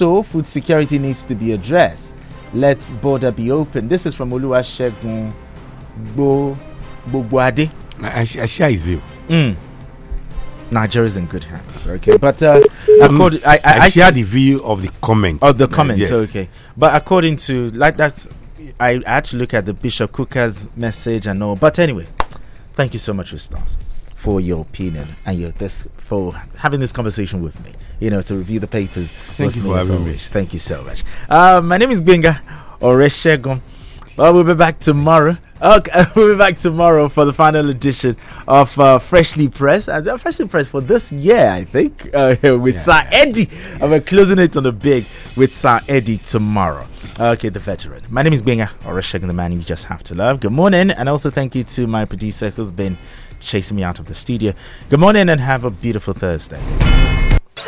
Also, food security needs to be addressed. Let border be open. This is from Oluwasegun Gbogboade. I, I, I share his view. Mm. is in good hands. Okay, but uh, um, according, I, I, I, share the view of the comment of the uh, comment. Yes. Okay, but according to like that, I had to look at the Bishop Cooker's message and all. But anyway, thank you so much, Ristance for your opinion and your this for having this conversation with me. You know, to review the papers. Thank you for having me. Thank you so much. Uh, my name is Binga Oreshegun. Well, we'll be back tomorrow. Okay, we'll be back tomorrow for the final edition of uh, Freshly Pressed. Uh, Freshly Pressed for this year, I think, uh, with yeah, Sir Eddie. Yes. we're closing it on the big with Sir Eddie tomorrow. Okay, the veteran. My name is Binga Oreshegun, the man you just have to love. Good morning. And also thank you to my producer who's been chasing me out of the studio. Good morning and have a beautiful Thursday.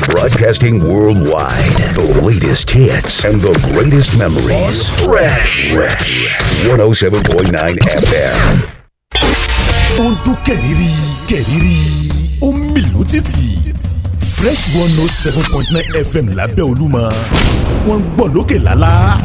Broadcasting worldwide, the latest hits and the greatest memories. Fresh, Fresh. 107.9 FM. Fresh 107.9 FM lálá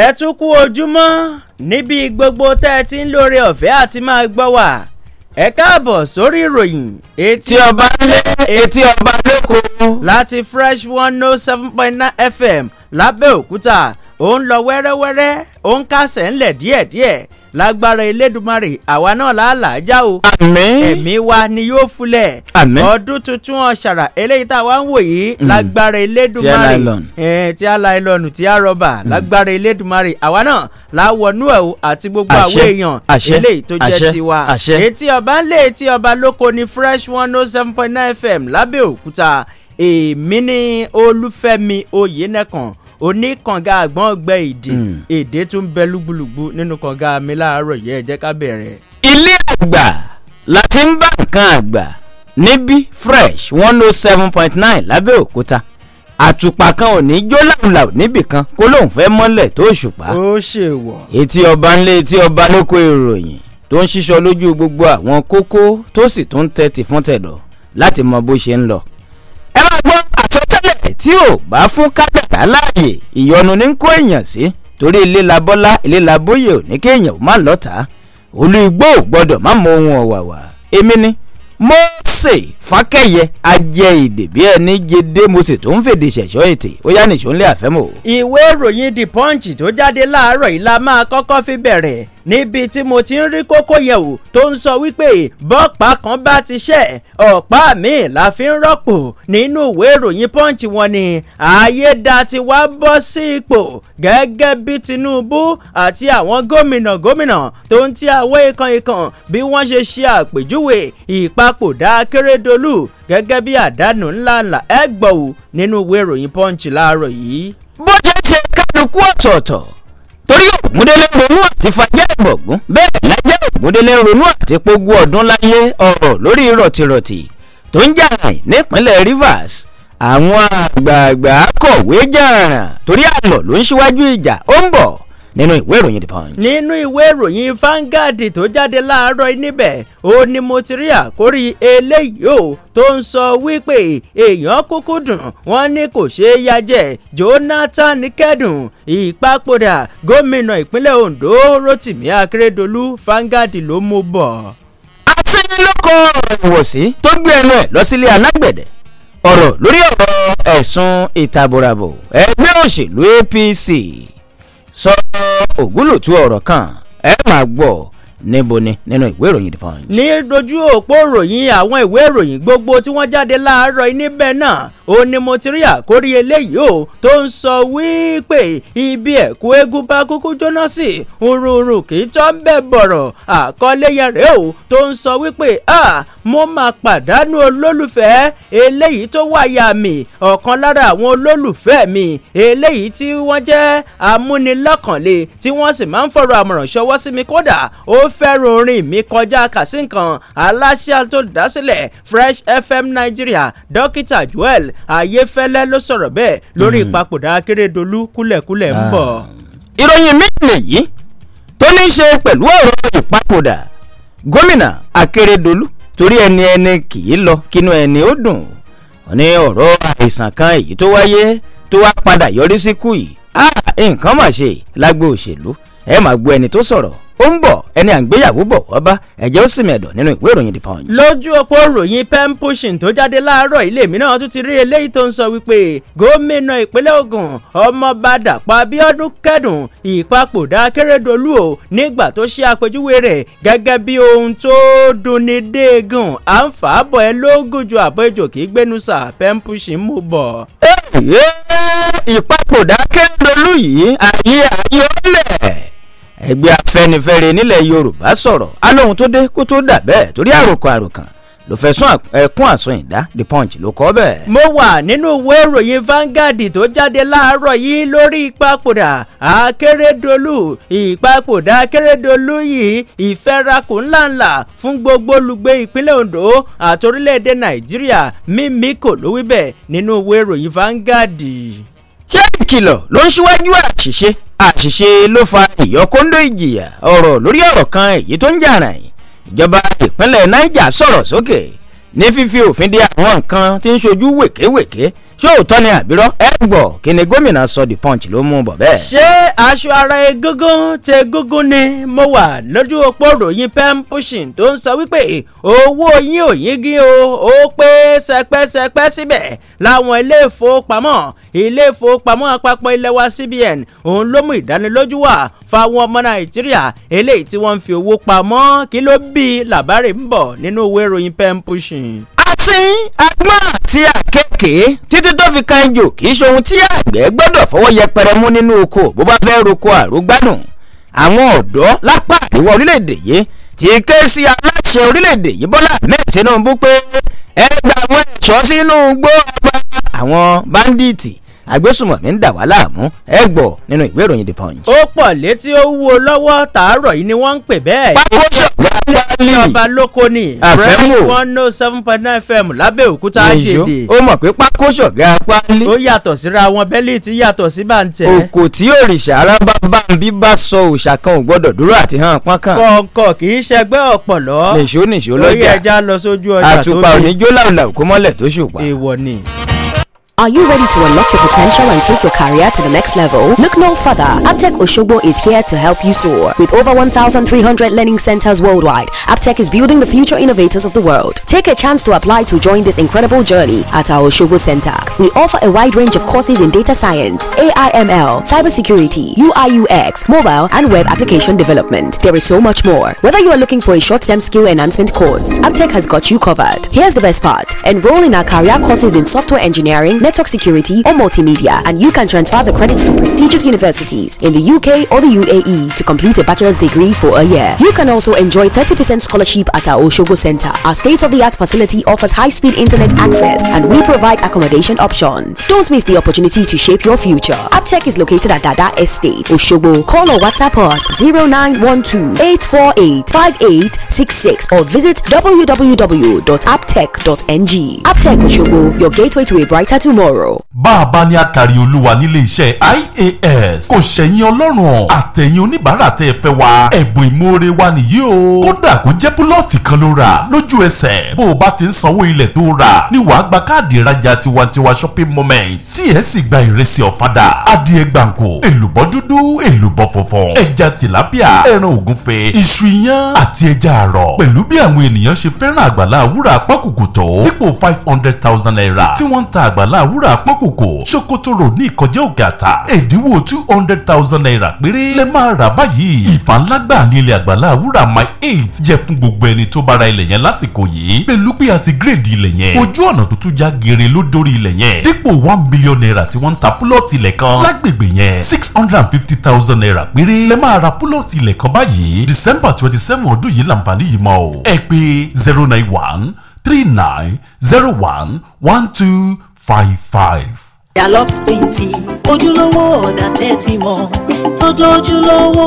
ẹ tún kú ojúmọ́ níbi gbogbo tẹ́ ẹ ti ń lóore ọ̀fẹ́ àti máa gbọ́ wà ẹ káàbọ̀ sórí ìròyìn etí ọba lé etí ọba lóko. láti fresh one oh seven point nine fm lábẹ́òkúta ó ń lọ wẹ́rẹ́wẹ́rẹ́ ó ń kásẹ̀ ńlẹ̀ díẹ̀díẹ̀ lágbára elédùmarè àwa náà làálàá já o ẹ̀mí wa ni yóò fúlẹ̀ ọdún tuntun ọ̀sàrà eléyìí tá a wá ń wò yìí mm. lágbára elédùmarè tí a la ìlọnù tí a rọba mm. lágbára elédùmarè àwa náà láwọnú ẹ̀ o àti gbogbo àwọn èèyàn eléyìí tó jẹ́ tiwa etí ọba ń lé etí ọba lóko ní fresh one oh seven point nine fm lábẹ́òkúta èmi ní olúfẹ́mi oyènẹ́kan oníkànga àgbọ̀n gbẹ èdè hmm. èdè tún bẹ lúgbúlùgbú nínú kànga mi láàárọ̀ yẹ ẹ jẹ́ ká bẹ̀rẹ̀. ilé àgbà la ti ń bá nǹkan àgbà níbí fresh one oh seven point nine lábẹ́òkúta àtùpà kan ò ní jó làwùlàwù níbìkan kó lóun fẹ́ mọ́lẹ̀ tó ṣùpá. ó ṣèwọ̀. etí ọba ńlé etí ọba lóko ìròyìn tó ń ṣíṣọ lójú gbogbo àwọn kókó tó sì tún tẹ́tì fún tẹ̀dọ̀ láti mọ bó ṣe ń lọ. ẹ máa gbọ́ àti tí ò bá fún kádàrá láàyè ìyọnu ní kó èèyàn sí torí ilé la bọ́lá ilé la bóyè ò ní kéèyàn má lọ́ta olú igbó gbọ́dọ̀ má mọ ohun ọ̀wàwà èmi ni Mósè fákẹ́yẹ ajẹ́ èdè bí ẹni jẹdé mo sì tún fèdè ṣẹ̀ṣọ́ ètè ó yá nìṣó ńlẹ̀ àfẹ́mọ̀. ìwé ìròyìn the punch tó jáde láàárọ̀ yìí la máa kọ́kọ́ fi bẹ̀rẹ̀ níbi tí mo ti ń rí kókó yẹn o tó ń sọ wípé bọ́ọ̀pá kan bá ti ṣẹ́ ọ̀pá mi la fi ń rọ́pò nínú ìwé ìròyìn punch wọn ni ayédatiwa bọ́ sí ipò gẹ́gẹ́ bí Tinubu àti àwọn gómìnà gómìnà tó ń ti àwọn ikan ikan bí wọ́n ṣe ṣe àpèjúwe ìpapòdà akérèdọ́ akérèdọ́lù gẹ́gẹ́ bí àdánù ńláńlá ẹ gbọ́ ò nínú ìwé ìròyìn punch láàárọ̀ yìí. bó ṣe ṣe kálukú ọ̀tọ̀ọ̀tọ̀ torí ògúndélé ronú àti fàjẹ́ ìgbọ̀ngún bẹ́ẹ̀ lájẹ́ ògúndélé ronú àti pogun ọdún láyé ọ̀rọ̀ lórí rọ̀tìrọ̀tì tó ń jà nípínlẹ̀ rivers àwọn àgbààgbà kọ̀wé jàrà torí àlọ́ ló ń ṣíwájú ìjà ó ń bọ̀ nínú ìwé ìròyìn the punch. nínú ìwé ìròyìn Vanguard tó jáde láàárọ̀ níbẹ̀ ó ní mo ti rí àkórí eléyìí o tó ń sọ wípé èèyàn kúkú dùn wọ́n ní kò ṣeé yájẹ́ Jonathan kẹ́dùn ìpapòdà gómìnà ìpínlẹ̀ Ondo Rotimi Akeredolu Vanguard ló mú bọ̀. aṣẹ́nilóko ìwòsí tó gbé ẹnu ẹ̀ lọ sílé alágbẹ̀dẹ ọ̀rọ̀ lórí ọ̀rọ̀ ẹ̀sùn ìtàbùràbù ẹgbẹ́ òṣèlú APC sọ ògúlùtú ọ̀rọ̀ kan ẹ máa gbọ́ níbo ni nínú ìwé ìròyìn the punch. ní dojú òpó ìròyìn àwọn ìwé ìròyìn gbogbo tí wọ́n jáde láàárọ̀ níbẹ̀ náà ó ní mo ti rí àkórí eléyìí o tó ń sọ wípé ibi ẹ̀kú eégún bá kúkú jóná sí òrùnrùn kì í tọ́ ń bẹ̀ bọ̀rọ̀ àkọlé yẹn rèé o tó ń sọ wípé mo máa pàdánù olólùfẹ́ eléyìí tó wáyà mi ọ̀kan lára àwọn olólùfẹ́ mi eléyìí tí wọ́n jẹ́ amúnilọ́kànlé tí wọ́n sì máa ń fọ̀rọ̀ àmọ̀ràn ṣọwọ́ sí mi kódà ó fẹ́ràn orin mi kọjá kàsí nǹkan aláṣẹ tó dásílẹ̀ Fresh FM Nigeria dókítà Joel Ayéfẹ́lẹ́ ló sọ̀rọ̀ bẹ́ẹ̀ lórí hmm. ìpapòdà Akérèdọ́lù kúlẹ̀kúlẹ̀ ń ah. bọ̀. ìròyìn mi nìyí tó ní í ṣe pẹ̀lú ọ̀rọ̀ ìpapòdà gómìnà torí ẹni ẹni kì í lọ kínú ẹni ó dùn wọ́n ní ọ̀rọ̀ àìsàn kan èyí tó wáyé tó wá padà yọrí sí kú yìí ah, nǹkan mà ṣe lágbo òṣèlú ẹ máa gbọ́ ẹni tó sọ̀rọ̀ ó ń bọ̀ ẹni àgbéyàwó bọ̀ wọ́n bá ẹ̀jẹ̀ ó sì mẹ̀dọ̀ nínú ìwé ìròyìn the punch. lójú òpó ròyìn pen pushing tó jáde láàárọ̀ ilé mi náà tún ti rí eléyìí tó ń sọ wípé gómìnà ìpínlẹ̀ Ògùn ọmọọba Dàpọ̀ Abíọ́dún kẹ́dùn ìpapòdà Akérèdọ́lù o nígbà tó ṣe àpèjúwe rẹ̀ gẹ́gẹ́ bí ohun tó dunni déegun à ń fà á bọ̀ ẹ lógún ju àpéjọ kì í gbénu sà pen pushing mú bọ̀. ìpapòdà Akérèdọ́lù yìí àyè àyè ó lẹ̀ ẹgbẹ́ afẹ́nifẹ́re nílẹ̀ yorùbá sọ̀rọ̀ á lóhun tó dé kó tó dà bẹ́ẹ̀ torí àròkọ àròkàn ló fẹ́ sún ẹkún àsọyìndá the punch ló kọ bẹ́ẹ̀. mo wà nínú ìwé ìròyìn Vanguard tó jáde láàárọ̀ yìí lórí ìpapòdà akérèdọ́lù ìpapòdà akérèdọ́lù yìí ìfẹ́rakù ńláńlá fún gbogbo olùgbé ìpínlẹ̀ Ondo àti orílẹ̀-èdè Nàìjíríà mímíkò ló wí bẹ́ẹ̀ nínú ìwé ìròyìn Vanguard. ṣé ìkìlọ̀ ló ń ṣíwájú àṣìṣe àṣìṣe ló fa ìyọkóńdó ìjìyà ọ̀rọ̀ lórí ọ̀rọ̀ kan èyí tó ń jà ràn ìjọba ìpínlẹ̀ niger sọ̀rọ̀ sókè ní fífi òfin de àwọn nǹkan tí ń ṣojú wèkéwèké ṣé òótọ́ ni àbírọ́ ẹ ń gbọ́ kí ni gómìnà sọ the punch ló mú bọ̀ bẹ́ẹ̀. ṣé aṣọ ara egúngún tẹ gúngún ni mo wà lójú òpó ròyìn pen pushing tó ń sọ wípé owó yín ò yín gí o ó pé sẹpẹsẹpẹ síbẹ̀ láwọn ilé ìfowópamọ́ ilé ìfowópamọ́ àpapọ̀ ilẹ̀ wa CBN òun ló mú ìdánilójú wà fáwọn ọmọ nàìjíríà eléyìí tí wọ́n ń fi owó pamọ́ kí ló bí làbárè ń bọ̀ nínú ìwé ìròyìn pen pushing. àti agbọ́n àti àkẹ́ òkè títí tó fi kan ejò kì í ṣe ohun tí àgbẹ̀ gbọ́dọ̀ fọwọ́ yẹpẹrẹ mú nínú oko bó bá fẹ́ roko àrógbánù àwọn ọ̀dọ́ lápá àríwá orílẹ̀-èdè yìí ti ké sí aláṣẹ orílẹ̀-èdè yìí Bọ́lá Ahmed Tinubu pé ẹ àwọn ẹ̀ṣọ́ sínú igbó àwọn báńdíìtì agbésùmọ̀mí ń dà wá láàmú ẹ gbọ́ nínú ìwé ìròyìn the punch. ó pọ̀ létí ó wúwo lọ́wọ́ tàárọ̀ yìí ni wọ́n ń pè bẹ́ẹ̀. owó ṣàwárí ọba one oh seven point nine fm lábẹ́òkúta jèdè. ó mọ̀ pé pákó pálí. ó yàtọ̀ síra wọn bẹ́lí ti yàtọ̀ sí bàǹtẹ̀. òkò tí òrìṣà ara bá ń bí bá sọ òòṣà kan ò gbọ́dọ̀ dúró àti hàn pọ́n kan. kọ̀ọ̀kọ̀ kì í ṣẹgbẹ́ ọ̀pọ̀lọ́. nìṣó nìṣó lọ́jà àtùpà òní jó làwùlàwù Are you ready to unlock your potential and take your career to the next level? Look no further. Aptech Oshobo is here to help you soar. With over 1,300 learning centers worldwide, Aptech is building the future innovators of the world. Take a chance to apply to join this incredible journey at our Oshobo Center. We offer a wide range of courses in data science, AIML, cybersecurity, UIUX, mobile, and web application development. There is so much more. Whether you are looking for a short-term skill enhancement course, Aptech has got you covered. Here's the best part. Enroll in our career courses in software engineering, network security, or multimedia, and you can transfer the credits to prestigious universities in the UK or the UAE to complete a bachelor's degree for a year. You can also enjoy 30% scholarship at our Oshogo Center. Our state of the art facility offers high speed internet access and we provide accommodation options. Don't miss the opportunity to shape your future. Aptech is located at Dada Estate, Oshogo. Call or WhatsApp us 0912 848 5866 or visit www.aptech.ng. Aptech Oshogo, your gateway to a brighter tomorrow. tomorrow. bàbá ni akari olúwa nílé iṣẹ́ ias kò ṣẹ̀yìn ọlọ́run àtẹ̀yìn oníbàárà tẹ́ ẹ fẹ́ wa ẹ̀bùn ìmoore wa nìyí o kódà kó jẹ́ búlọ́ọ̀tì kan ló rà lójú ẹsẹ̀ bó o bá ti ń sanwó ilẹ̀ tó rà ni wàá gba káàdì ìrajà tiwantiwa shopping moment tí ẹ sì gba ìrẹsì ọ̀fadà adìẹ gbàǹkó èlùbọ́ dúdú èlùbọ́ funfun ẹja tìlápíà ẹran ògúnfe iṣu iyán àti ẹja àrọ̀ pẹ̀lú bí àwọn ènìyàn ṣe fẹ́ràn àgbàlá àwúrà apákòkò tó dípò five hundred thousand naira tí wọ́n ń ta àgbàlá àwúrà pọ́kòkò ṣòkòtò rò ní ìkọjá ògàtà ẹ̀dínwó two hundred thousand naira péré lẹ́ máa rà báyìí ìfànlágbà ní àgbàlá àwúrà my eight jẹ́ fún gbogbo ẹni tó bá ilẹ̀ yẹn lásìkò yìí pẹ̀lú pé a gírèdì ilẹ̀ yẹn ojú ọ̀nà tó já geere ló ilẹ̀ yẹn dípò one million naira tí wọ́n ń ta púlọ̀tì ilẹ̀ kan lágbègbè yẹn six hundred and fifty thousand naira péré lẹ́ máa ra púlọ̀tì three nine zero one one two five five. Jalops penti ojúlówó ọ̀dà tẹ́tí mọ́ tójójúlówó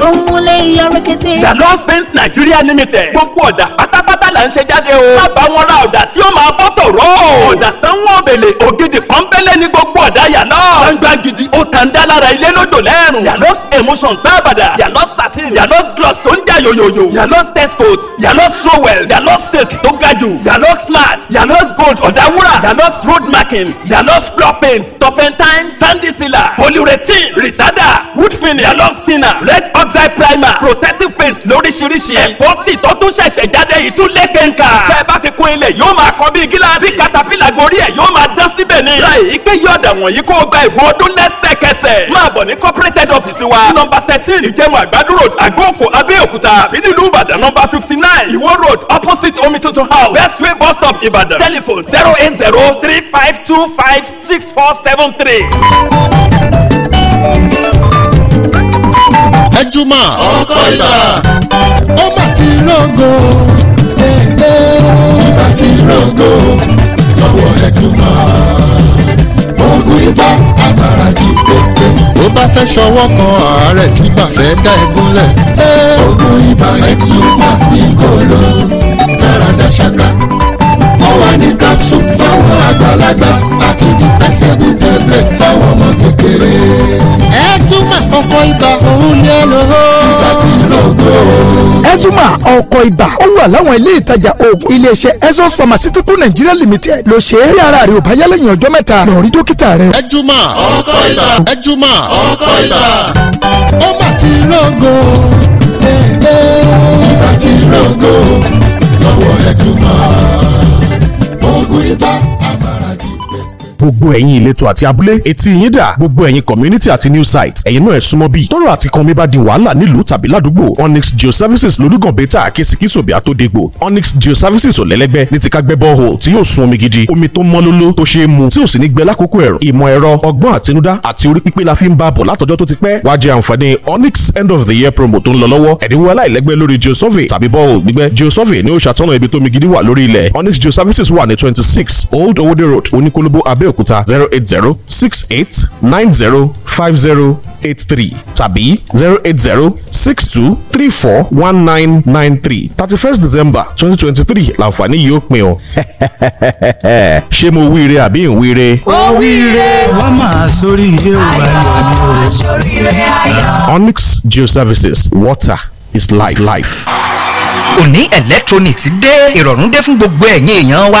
tó ń múlé iyọ̀ rẹ́kẹ́tẹ́. Jalops paint Nigeria limited gbogbo ọ̀dà pátápátá là ń ṣe jáde o. má bá wọn ra ọ̀dà tí ó máa bọ́ tòró. ọ̀dà sanwó òbèlè ògidì pọ́ńpẹ́lẹ́ ní gbogbo ọ̀dà yàrá. gbangba gidi ó tàn dá lára ilé lódò lẹ́rùn. Jalops emotion sábàdà Jalops satin Jalops gloss tó ń jà yòyòyò Jalops test coat Jalops towel Jalops silk tó ga jù Jalops smart Jalops gold ọ̀dà wúrà Jalops road marking Jalops block paint turpentine sandy sealer polyurethane retarder wood finish yellow stinner red oxide primer protective paint lóríṣiríṣi ẹ̀pọ́ sì tó tún ṣẹ̀ṣẹ̀ jáde yìí tún lé kẹ́ńkà bẹ́ẹ̀ bá fi kún ilẹ̀ yóò máa kọ́ bí gíláàsì katapila gorí ẹ̀ yóò máa dán síbẹ̀ ni láì ìpè yí ọ̀dà wọ̀nyí kó o gba ìwọ ọdún lẹ́sẹ̀kẹsẹ̀ máa bọ̀ ní corporate office wa nọ́mbà thirteen ìjẹun àgbàdo road àgókò abẹ́òkúta fínìlú ìbàdàn number fifty ten Iwo road opposite Omitoto house Best way bus stop Ibadan telephone zero eight zero three five two five six four seven three. ẹjúmọ́ ọkọ ìbà ó bá ti rògo ìbá ti rògo lọ́wọ́ ẹjúmọ́ oògùn ibà àbàrà yìí bá fẹ́ ṣọwọ́ kan àárẹ̀ tí bá fẹ́ dá ẹ gúnlẹ̀. oògùn ibà ẹtùpà ní kòló dáradá ṣáká ó wà ní capsule fáwọn àgbàlagbà àti dispensable tablet fáwọn ọmọ kékeré. ẹtùmà ọkọ ibà òun lè lò ibà lógo. ezuma ọkọ̀ ibà ó wà láwọn ilé ìtajà oògùn iléeṣẹ́ ezos pharmaceutical nigeria limited ló ṣe é yàrá rẹ ò bá yálẹ̀ yàn ọjọ́ mẹ́ta lọ rí dókítà rẹ. ezuma ọkọ̀ ibà ezuma ọkọ̀ ibà. ó bá ti lógo ibà ti lógo lọ́wọ́ ezuma oògùn ibà gbogbo ẹ̀yin ìletò àti abúlé etí yín dà gbogbo ẹ̀yin community àti new site ẹ̀yin náà ẹ̀ súnmọ́ bíi tọ́rọ̀ àti kan mi bá di wàhálà nílùú tàbí ládùúgbò Onyx Geoservices lolúgàn bẹ́tà késìkísòbí àtòdégbò Onyx Geoservices ò lẹ́lẹ́gbẹ́ ní ti ká gbẹ́ borehole tí yóò sun omi gidi omi tó mọ́ lóló tó ṣe é mu tí ò sì ní gbẹ lákòókò ẹ̀rùn ìmọ̀ ẹ̀rọ ọgbọ́n àtinúdá àti orí pípé la fi ń bá bọ̀ tó ti pẹ́ wá jẹ àǹfààní Onyx end of the year promo tó ń lọ lọ́wọ́ ẹ̀dínwó aláìlẹ́gbẹ́ lórí geosurvey tàbí borehole gbígbẹ́ geosurvey ni ó ṣàtọ́nà ibi tómi gidi wà lórí ilẹ̀ Onyx Geoservices wà ní twenty six Old Owode Road Oníkólóbó Abẹ́ abẹ́òkúta zero eight zero six eight nine zero five zero eight three tàbí zero eight zero six two three four one nine nine three thirty first december twenty twenty three làǹfààní yìí ó pin o. ṣé mo wíire àbí ń wíire. ó wíire. wọ́n máa sórí ilé ògbà yẹn o. onyx geoservices water is life. life. òní electronics dé ìrọ̀rùn dé fún gbogbo ẹ̀yin èèyàn wa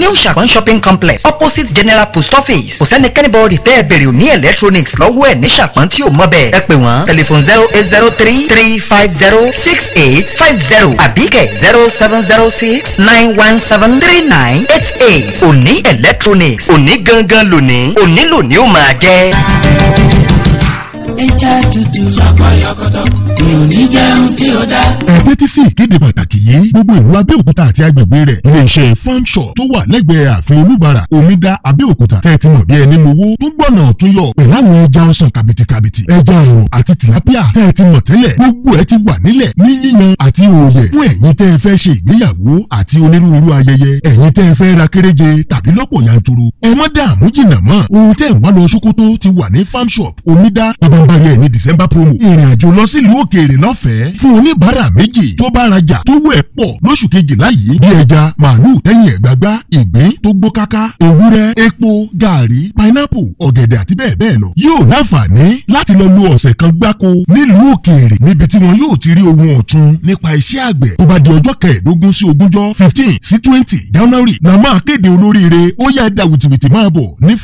new Ṣàpọ́n shopping complex opposite general post office kò sẹ́nikẹ́ni bọ́ọ̀dì tẹ́ ẹ bèrè òní electronics lọ́wọ́ ẹ̀ ní Ṣàpọ́n tí ò mọ̀ bẹ́ẹ̀ ẹ pè wọ́n telephone zero eight zero three three five zero six eight five zero àbíkẹ́ zero seven zero six nine one seven three nine eight eight òní electronics òní gangan lónìí òní lónìí ó máa jẹ́. ẹja dúdú. ṣàpá ìyá mi ò ní jẹun tí ó dá. ẹ tẹ́tí sí ìkéde pàtàkì yìí gbogbo ìlú abẹ́òkúta àti agbègbè rẹ̀ iléeṣẹ́ fọ́ńṣọ̀ tó wà lẹ́gbẹ̀ẹ́ ààfin olúbàrà omidan abẹ́òkúta tẹ́tí mọ̀ bí ẹni mowó tó gbọ́nà tó yọ pẹ̀lú àwọn ẹja ọsàn kàbìtìkàbìtì ẹja ọ̀rọ̀ àti tìlápíà tẹ́tí mọ̀ tẹ́lẹ̀ gbogbo ẹ ti wà nílẹ̀ ní yíyan àti òòyẹ̀ fún ẹ̀yin tẹ́ ẹ fẹ́ ṣe ìgbéyàwó àti onírúurú ayẹyẹ ẹ̀yin tẹ́ ẹ fẹ́ ra kéréje tàbí lọ́pọ̀ yanturu ẹ má dààmú jìnnà mọ́ ohun tẹ́ ẹ wá lọ Sókótó ti wà ní farm shop omidan abambari ẹ̀ ní December promo ìrìn àjò lọ sílùú òk òkèèrè lọ́fẹ̀ẹ́ fún oníbàárà méjì tó bá rajà tó wẹ̀ pọ̀ lóṣù kejìlá yìí bí ẹja màálù ẹyin ẹ̀gbágbá ìgbín tó gbó káká ewúrẹ́ epo gàárì pineapple ọ̀gẹ̀dẹ̀ àti bẹ́ẹ̀ bẹ́ẹ̀ lọ yóò láǹfààní láti lọ lo ọ̀sẹ̀ kan gbáko nílùú òkèèrè níbi tí wọn yóò ti rí ohun ọ̀tun nípa iṣẹ́ àgbẹ̀ tó bá di ọjọ́ kẹẹ̀ẹ́dógún sí ogúnjọ́ fifteen sí twenty january la máa kéde olóríire ó yá ẹ̀dá wìtìwìtì máa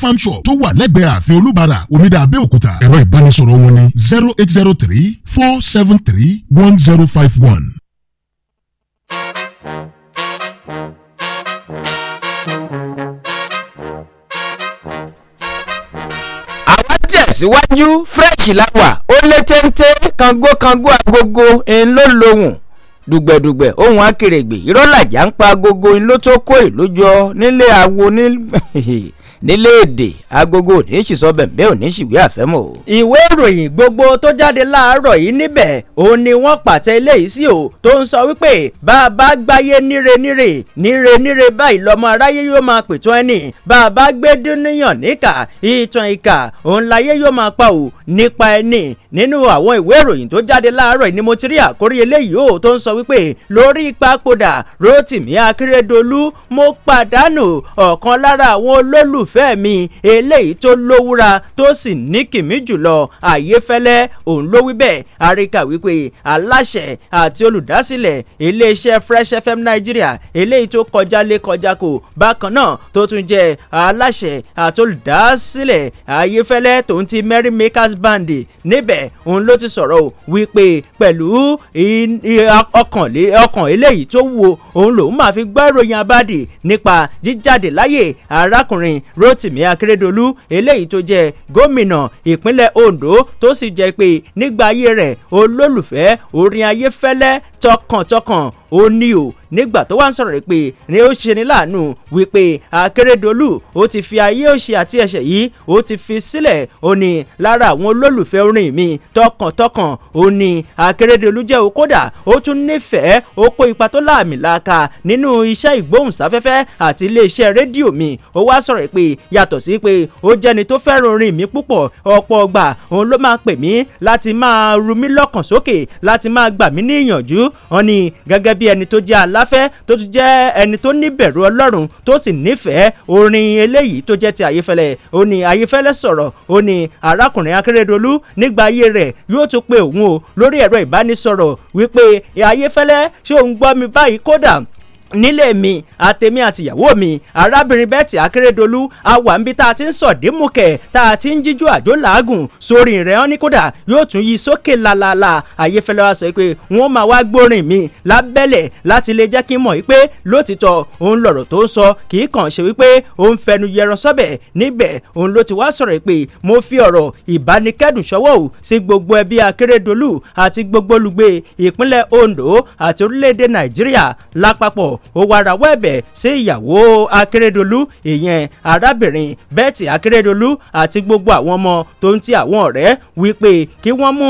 farm shop tó wà lẹ́gbẹ̀ẹ́ ààfin olúbàrà omidan abẹ́òkúta ẹ̀rọ ìbánisọ̀rọ̀ zero eight zero three four Seven three one zero 273 1051. tẹ̀síwájú fresh lawa ó lé téńté kango kango agogo ń ló lohùn dùgbẹ̀dùgbẹ̀ ohun akèrègbè ìrọ́làjà ń pa agogo ń ló tó kó ìlójọ nílé awo ní nílé èdè agogo òní ṣìṣọ bẹ̀m̀bẹ́ òní ṣìwé àfẹ́mọ̀ o. ìwé ìròyìn gbogbo tó jáde láàárọ̀ yìí níbẹ̀ òun ni wọ́n pàtẹ eléyìí sí o tó ń sọ wípé bá a bá gbáyé níre níre níre níre báyìí lọ́mọ aráyé yóò máa pètò ẹni bá a bá gbé dúníyàn níkà ìtàn ìkà òun láyé yóò máa pa ò nípa ẹni nínú àwọn ìwé ìròyìn tó jáde láàárọ̀ ni mo ti rí àkórí eléyìí ó tó ń sọ wípé lórí papòdà Rotimi Akeredolu mo pàdánù ọ̀kan lára àwọn olólùfẹ́ mi eléyìí tó lówúra tó sì ní kìmí jùlọ Ayéfẹ́lẹ́ òun ló wí bẹ́ẹ̀ àríkà wípé aláṣẹ àti olùdásílẹ̀ iléeṣẹ́ Fresh FM Nigeria eléyìí tó kọjá lé kọjá kò bákan náà tó tún jẹ́ aláṣẹ àti olùdásílẹ̀ Ayéfẹ́lẹ́ tòun ti Merry Makers Band níbẹ̀ rẹ̀ òun ló ti sọ̀rọ̀ o wípé pẹ̀lú ọkàn eléyìí tó wúwo òun lòun máa fi gbọ́ ìròyìn abáàdì nípa jíjáde láyè arákùnrin Rotimi Akeredolu eléyìí tó jẹ́ gómìnà ìpínlẹ̀ Ondo tó sì jẹ́ pé nígbà ayé rẹ̀ olólùfẹ́ orin ayéfẹ́lẹ́ tọkàntọkàn ó ní o nígbà tó wá ń sọ̀rọ̀ rẹ̀ pé ni ó ṣe ní láàánú wípé Akérédolú ó ti fi ayé òṣì àti ẹ̀ṣẹ̀ yìí ó ti fi sílẹ̀ ó ní lára àwọn olólùfẹ́ orin mi tọkàntọkàn ó ní Akérédolú jẹ́ o kódà ó tún nífẹ̀ẹ́ ó kó ipa tó láàmìlàaka nínú iṣẹ́ ìgbóhùnsáfẹ́fẹ́ àti iléeṣẹ́ rédíò mi ó wá sọ̀rọ̀ pé yàtọ̀ sí pé ó jẹ́ni tó fẹ́ràn orin mi púpọ̀ ọ̀pọ̀ ọgbà òun ló máa pè mí láti máa ru mí lọ́kàn sókè láti máa gbà mí ní ìyànjú ó ní gẹ́gẹ́ bí ẹni tó jẹ́ alá fẹ́ tó tún jẹ́ ẹni tó níbẹ̀rù ọlọ́run tó sì nífẹ̀ẹ́ orin eléyìí tó jẹ́ ti ayéfẹ́lẹ́ ó ní ayéfẹ́lẹ́ sọ̀rọ̀ ó ní arákùnrin akérèdọ́lù nígbà ayé rẹ̀ yóò tún pé òun o lórí ẹ̀rọ ìbánisọ̀rọ̀ wípé ayéfẹ́lẹ́ ṣé òun gbọ́ mi báyìí kódà nílé mi àtèmi àtìyàwó mi arábìnrin Betty Akérédolú àwa tá a ti ń sọ̀dí mùkẹ́ tá a ti ń jíjú àjò làágùn sórí rẹ̀ ọ́ ní kódà yóò tún yí sókè làlàlà àyèfẹ́lẹ́ wa sọ pé wọ́n máa wá gbórin mi lábẹ́lẹ̀ láti lè jẹ́ kí n mọ̀ pé lótìtọ́ òun lọ̀rọ̀ tó ń sọ kì í kàn ṣe wípé òun fẹnu yẹran sọ́bẹ̀ níbẹ̀ òun ló ti wá sọ̀rọ̀ pé mo Ondo àti orílẹ̀-èdè o ó wá rawọ́ ẹ̀bẹ̀ sí ìyàwó Akérédolú ìyẹn arábìnrin Betty Akérédolú àti gbogbo àwọn ọmọ tó ń ti àwọn ọ̀rẹ́ wípé kí wọ́n mú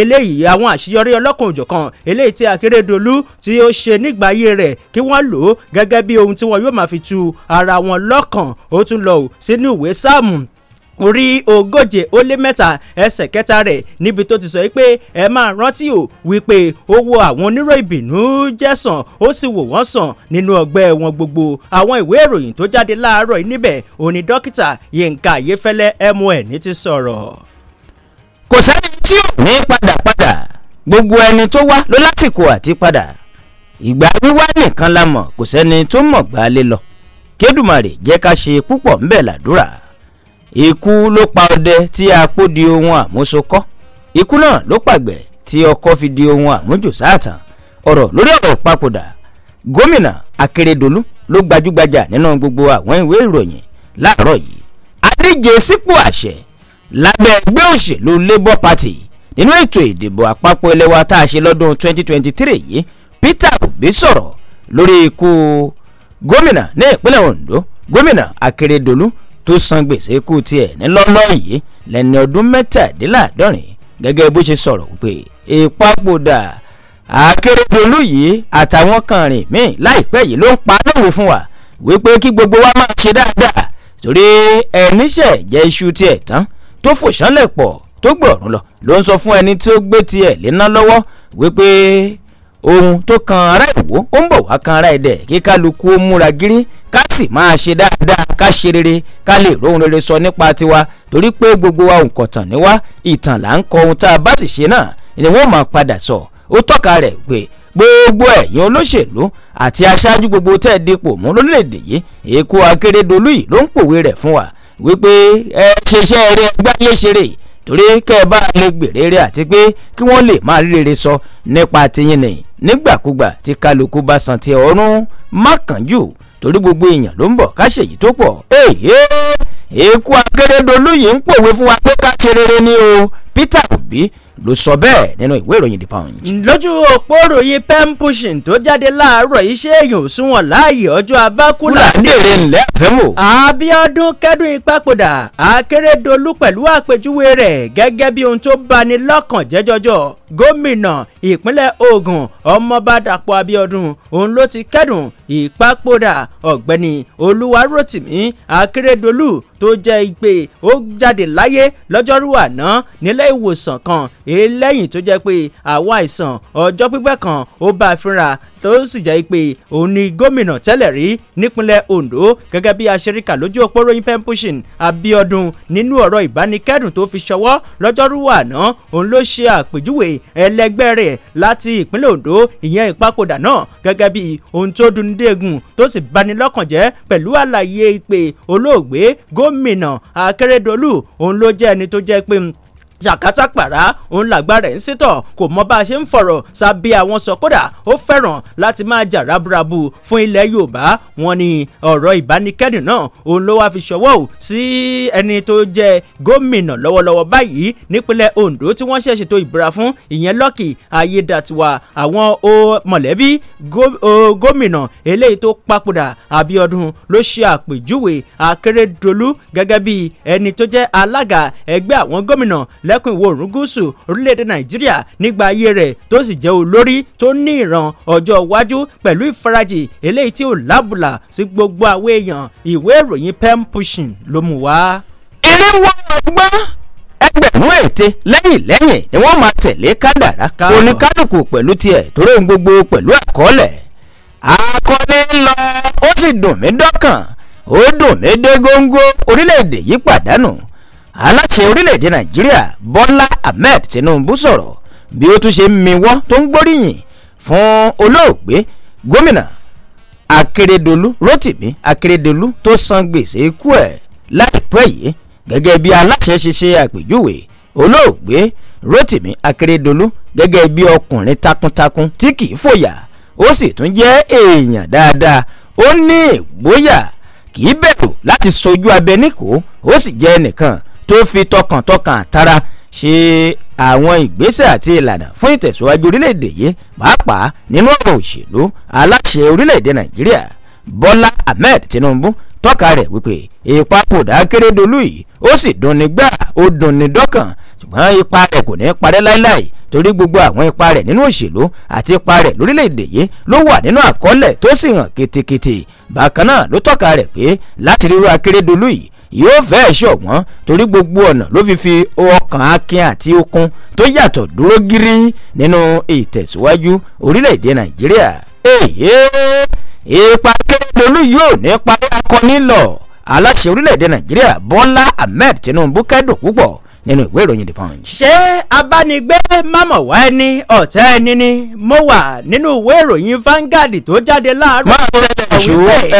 eléyìí àwọn àṣeyọrí ọlọ́kan òjọ̀kan eléyìí tí Akérédolú tí ó ṣe nígbà ayé rẹ̀ kí wọ́n lò ó gẹ́gẹ́ bí ohun tí wọn yóò máa fi tu ara wọn lọ́kàn ó tún lọ sínú ìwé sáàmù orí ogóje ó lé mẹ́ta ẹsẹ̀ kẹta rẹ̀ níbi tó ti sọ yìí pé ẹ máa rántí o wípé ó wo àwọn onírò ìbínú jẹ́ sàn ó sì wò wọ́n sàn nínú ọgbẹ́ wọn gbogbo àwọn ìwé ìròyìn tó jáde láàárọ̀ yìí níbẹ̀ òní dókítà Yínká Ayéfẹ́lẹ́ MON ti sọ̀rọ̀. kò sẹ́ni tí ò ní padàpadà gbogbo ẹni tó wá ló lásìkò àti padà ìgbà wíwá nìkan la mọ̀ kò sẹ́ni tó mọ̀ gbà lọ kédùmarè ikú ló pa ọdẹ tí apó di ohun àmúṣokọ́ ikú náà ló pàgbẹ̀ tí ọkọ́ fi di ohun àmújò sáàtàn ọ̀rọ̀ lórí ọ̀rọ̀ papòdà gómìnà akérèdọ́lù ló gbajúgbajà nínú gbogbo àwọn ìwé ìròyìn láàárọ̀ yìí adíje sípò àṣẹ lábẹ́ ẹgbẹ́ òṣèlú labour party nínú ètò ìdìbò àpapọ̀ ẹlẹ́wà tá a ṣe lọ́dún 2023 yìí peter obi sọ̀rọ̀ lórí ikú gómìnà ní ìpínlẹ̀ ondo gómìnà akérèdọ́lù tó san gbèsè kú tiẹ̀ nílọ́lọ́ yìí lẹ́ni ọdún mẹ́tàdínláàdọ́rin gẹ́gẹ́ bó ṣe sọ̀rọ̀ wípé ìpapòdà akérèdọ́lù yìí àtàwọn kan rìn míì láìpẹ́ yìí ló ń pa lóòwò fún wa wípé kí gbogbo wa máa ṣe dáadáa torí ẹníṣẹ́ jẹ́ iṣu tiẹ̀ tán tó fòṣánlẹ̀ pọ̀ tó gbọ̀rún lọ ló ń sọ fún ẹni tó gbé tiẹ̀ léná lọ́wọ́ wípé ohun tó kan ará ìwò ó ń bọ̀ wá kan ará ẹ̀dẹ̀ kí kálukú ó múra gírí ká sì máa ṣe dáadáa ká ṣe rere ká lè rohun rere sọ nípa tiwa torí pé gbogbo wa òǹkọ̀tàn ni wá ìtàn là ń kọ ohun tá a bá sì ṣe náà ni wọ́n máa padà sọ ó tọ́ka rẹ̀ pé gbogbo ẹ̀yin olóṣèlú àti aṣáájú gbogbo tẹ́ ẹ dipò mú lórílẹ̀‐èdè yìí èkó akérèdọ́lù yìí ló ń pòwe rẹ̀ fún wa wípé ẹ ṣeṣẹ́ eré ẹgbẹ́ ayé ṣeré torí kẹ́ ẹ bá lè gbèrè rẹ̀ àti pé kí wọ́n lè máa rí rere sọ nípa tiyín nìyí nígbàkúgbà tí kálukú bá san ti ọ̀run má kánjú torí gbogbo èèyàn ló ń bọ̀ ká ṣèyí tó pọ̀ èkó akérèdọ́lù yìí ń pòwe fún wa pé ká ṣe rere ni o Peter Obi ló sọ bẹ́ẹ̀ nínú ìwé ìròyìn the punch. lójú òpó ròyìn pen pushing tó jáde láàárọ̀ yìí ṣé èèyàn ò sunwọ̀n láàyè ọjọ́ abákúlà. kúlà ní èrè ńlẹ́ fẹ́mọ̀. Abíọ́dún kẹ́dùn ìpapòdà Akérédolú pẹ̀lú àpèjúwe rẹ̀ gẹ́gẹ́ bí ohun tó bani lọ́kàn jẹ́ jọjọ gómìnà ìpínlẹ̀ Ògùn ọmọọba Dàpọ̀ Abíọ́dún òun ló ti kẹ́dùn ìpapòdà ọ̀gbẹ́ni Olúwarótìmí Akérédolú tó jẹ́ igbe ó jáde láyé lọ́jọ́rú àná nílé ìwòsàn kan eléyìí tó jẹ́ pé àwọn àìsàn ọjọ́ pípẹ́ kan ó bá a fínra tó sì jẹ́ pé òun ni gómìnà tẹ́lẹ̀ rí nípínlẹ̀ Ondo gẹ́gẹ́ bí aṣeríkà lójú òpó ròyìn pemphucin Abíọ́dún nínú ọ̀rọ̀ ìbánikẹ́dùn tó fi ṣọwọ́ lọ́jọ́rú àná òun ló ṣe àpèjúwe ẹlẹgbẹ́ rẹ̀ láti ìpínlẹ̀ Ondo ìyẹn ìpapòdà náà gẹ́gẹ́ bí ohun tó dùn dégun tó sì bani lọ́kàn jẹ́ pẹ̀lú àlàyé pé olóògbé gómìnà Akérédolú òun ló jẹ́ ẹni tó jẹ́ pé jàkátàpàrà òun làgbára ẹ̀ ń sítọ̀ kò mọ bá a ṣe ń fọ̀rọ̀ sábẹ́ àwọn sọ kódà ó fẹ́ràn láti máa jà raburabu fún ilẹ̀ yorùbá wọn ni ọ̀rọ̀ ìbánikẹ́dùn náà òun ló wáá fi ṣọwọ́ ò sí ẹni tó jẹ́ gómìnà lọ́wọ́lọ́wọ́ báyìí nípínlẹ̀ ondo tí wọ́n ṣẹ̀ ṣètò ìbúra fún ìyẹn lọ́kì ayédàtiwa àwọn mọ̀lẹ́bí gómìnà eléyìí tó papòdà abiodun ló ṣe àpèjúwe akérèdọ́lù gẹ́gẹ́ bí ẹni tó jẹ́ lẹ́kùn ìwọ̀ oòrùn gúúsù orílẹ̀-èdè nàìjíríà nígbà ayé rẹ̀ tó sì jẹ́ olórí tó ní ìran ọjọ́ iwájú pẹ̀lú ìfarajì eléyìí tí ò lábùlà sí gbogbo àwọn èèyàn ìwé ìròyìn pen pushing ló mú wá. ilé wa ọgbọ́n ẹgbẹ̀rún ète lẹ́yìn lẹ́yìn ni wọ́n máa tẹ̀lé kádàrá oníkálukú pẹ̀lú tiẹ̀ torí ohun gbogbo pẹ̀lú àkọọ́lẹ̀ àkọlé lọ ó sì dùn mí dọ́kàn ó dùn mí dé góńgó orílẹ̀-èdè yìí pàdánù aláṣẹ orílẹ̀-èdè nàìjíríà bọ́lá ahmed tinubu sọ̀rọ̀ bí ó tún ṣe ń miwọ́ tó ń gbóríyìn fún olóògbé gómìnà akérèdọ́lù rotimi akérèdọ́lù tó san gbèsè ikú ẹ̀ láìpẹ́ yìí gẹ́gẹ́ bí aláṣẹ ṣe ṣe àpèjúwe olóògbé rotimi akérèdọ́lù gẹ́gẹ́ bí ọkùnrin takuntakun tí kì í fòyà ó sì tún jẹ́ èèyàn dáadáa ó ní ìgboyà kì í bẹ̀rù láti sojú abẹ níkò ó sì jẹ́ ẹnìkan tó fi tọkàntọkàn tara ṣe àwọn ìgbésẹ̀ àti ìlànà fún ìtẹ̀síwájú orílẹ̀-èdè yìí pàápàá nínú ọ̀rọ̀ òṣèlú aláṣẹ orílẹ̀-èdè nàìjíríà bọ́lá ahmed tinubu tọ́ka rẹ̀ wípé ìpapòdà akérèdọ́lù yìí ó sì dunni gbà ó dunni dọ́kàn ṣùgbọ́n ipa rẹ̀ kò ní parẹ́ láéláé torí gbogbo àwọn ipa rẹ̀ nínú òṣèlú àti ipa rẹ̀ lórílẹ̀‐èdè yìí ló wà nínú àkọọ́lẹ̀ tó sì hàn kitikiti bákan náà ló tọ́ka rẹ̀ pé láti ríru akérèdọ́lù yìí yóò fẹ́ẹ̀ ṣọ̀wọ́n torí gbogbo ọ̀nà ló fi fi ọkàn akin àti okun tó yàtọ̀ dúró gírí nínú ìtẹ̀síwájú orílẹ̀-èdè nàìjíríà. èyí ipa kérédolú yóò nípa akọni lọ aláṣẹ orílẹ̀-èdè nàìjíríà bọ́lá ahmed tinubu kẹ́dùn púpọ̀ nínú ìwé ìròyìn the punch. ṣé abánigbé mámọ̀ wá ẹni ọ̀tá ẹni ni mo wà nínú ìwé ìròyìn Vanguard tó jáde láàárọ̀. máa ń ṣẹlẹ̀ wípé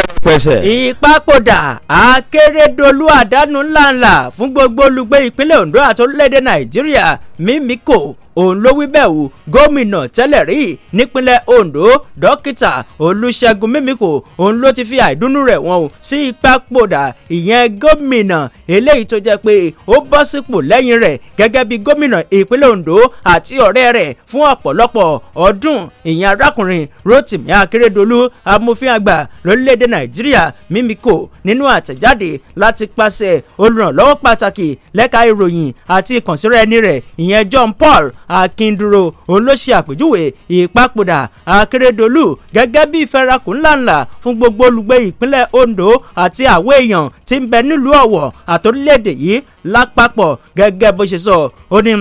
ìpapòdà akérèdọ́lù àdánù ńláńlá fún gbogbo olùgbé ìpínlẹ̀ ondo àti orílẹ̀-èdè nàìjíríà mímíkò òun ló wí bẹ́ẹ̀ wù gómìnà tẹ́lẹ̀ rí nípínlẹ̀ ondo dókítà olùṣègùn mímíkò òun ló ti fi àìdùnnú rẹ̀ wọ̀n o sí ìpapòdà ìyẹn gómìnà eléyìí tó jẹ́ pé ó bọ́ sípò lẹ́yìn rẹ̀ gẹ́gẹ́ bí gómìnà ìpínlẹ̀ ondo àti ọ̀rẹ́ rẹ̀ fún ọ̀pọ̀lọpọ̀ ọdún ìyẹn arákùnrin rotimi akérèdọ́lù amòfin àgbà lórílẹ̀‐èdè nàìjíríà mímíkò nínú àtẹ̀jáde láti pàṣẹ olùrànlọ́wọ́ pàtàkì lẹ́ka ìròyìn àti ìkànsíra ẹni rẹ̀ ìyẹn John Paul Akinduro òun ló ṣe àpèjúwe ìpapòdà Akérédolú gẹ́gẹ́ bí ìfẹ́rakù ńláńlá fún gbogbo olùgbé ìpínlẹ̀ Ondo àti àwọn èèyàn tí ń bẹ nílùú Ọ̀wọ̀ àtòrílẹ̀-èdè yìí lápapọ̀ gẹ́gẹ́ bó ṣe sọ ó ní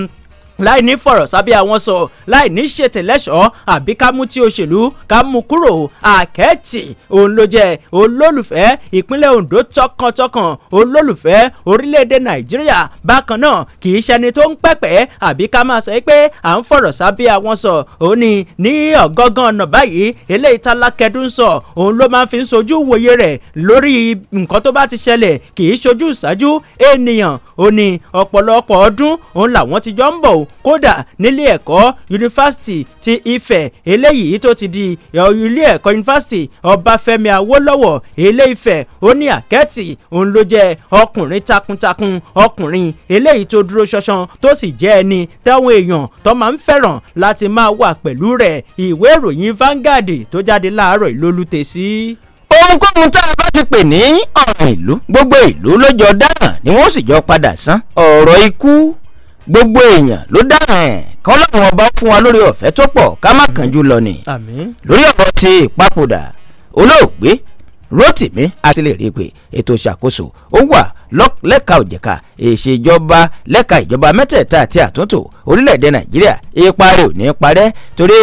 láì ní fọ̀rọ̀ sábẹ́ àwọn sọ láì ní ṣètẹ̀lẹ́sọ̀ àbí ká mú tí òṣèlú ká mú kúrò àkẹ́tì òun ló jẹ́ olólùfẹ́ ìpínlẹ̀ Ondo tọkàntọkàn olólùfẹ́ orílẹ̀-èdè Nàìjíríà bákan náà kì í ṣẹni tó ń pẹ̀pẹ́ àbí ká máa sọ pé à ń fọ̀rọ̀ sábẹ́ àwọn sọ òun ni ní ọ̀gángan ọ̀nà báyìí eléyìí tálákẹ́dù ń sọ òun ló máa fi ń sojú wòye rẹ̀ lórí nǹkan tó bá ti ṣẹlẹ̀ kì í ṣojú ìṣáájú ènìyàn òun ni ọ̀pọ̀lọpọ̀ ọdún òun làwọn ti jọ ń bọ̀ o kódà nílé ẹ̀kọ́ yunifásitì ti Ifẹ̀ eléyìí tó ti di ilé ẹ̀kọ́ yunifásitì Ọbáfẹ́mi Awólọ́wọ̀ Ilé Ifẹ̀ ó ní àkẹ́tì òun ló jẹ́ ọkùnrin takuntakun ọkùnrin eléyìí tó dúró ṣọṣan tó sì jẹ́ ẹni táwọn èèyàn tó máa ń fẹ́ràn láti máa wà pẹ̀lú rẹ̀ ìwé ìròyìn Vanguard tó jáde láàárọ̀ ìlólùtẹ̀ sí ohunkóhun tá a bá ti pè ní ọ̀rọ̀ ìlú gbogbo ìlú ló dáràn ni wọ́n sì jọ padà san ọ̀rọ̀ ikú gbogbo èèyàn ló dáhùn ẹ̀ kán lọ́rùn ọba fún wa lórí ọ̀fẹ́ tó pọ̀ ká má kánjú lọ ni lórí ọ̀rọ̀ ti ìpapòdà olóògbé rotimi àti lè rí i pé ètò ìṣàkóso ó wà lẹ́ka òjẹ̀ka èsì ìjọba lẹ́ka ìjọba mẹ́tẹ̀ẹ̀ta àti àtúntò orílẹ̀-èdè nàìjíríà ipa rẹ̀ ò ní parẹ́ torí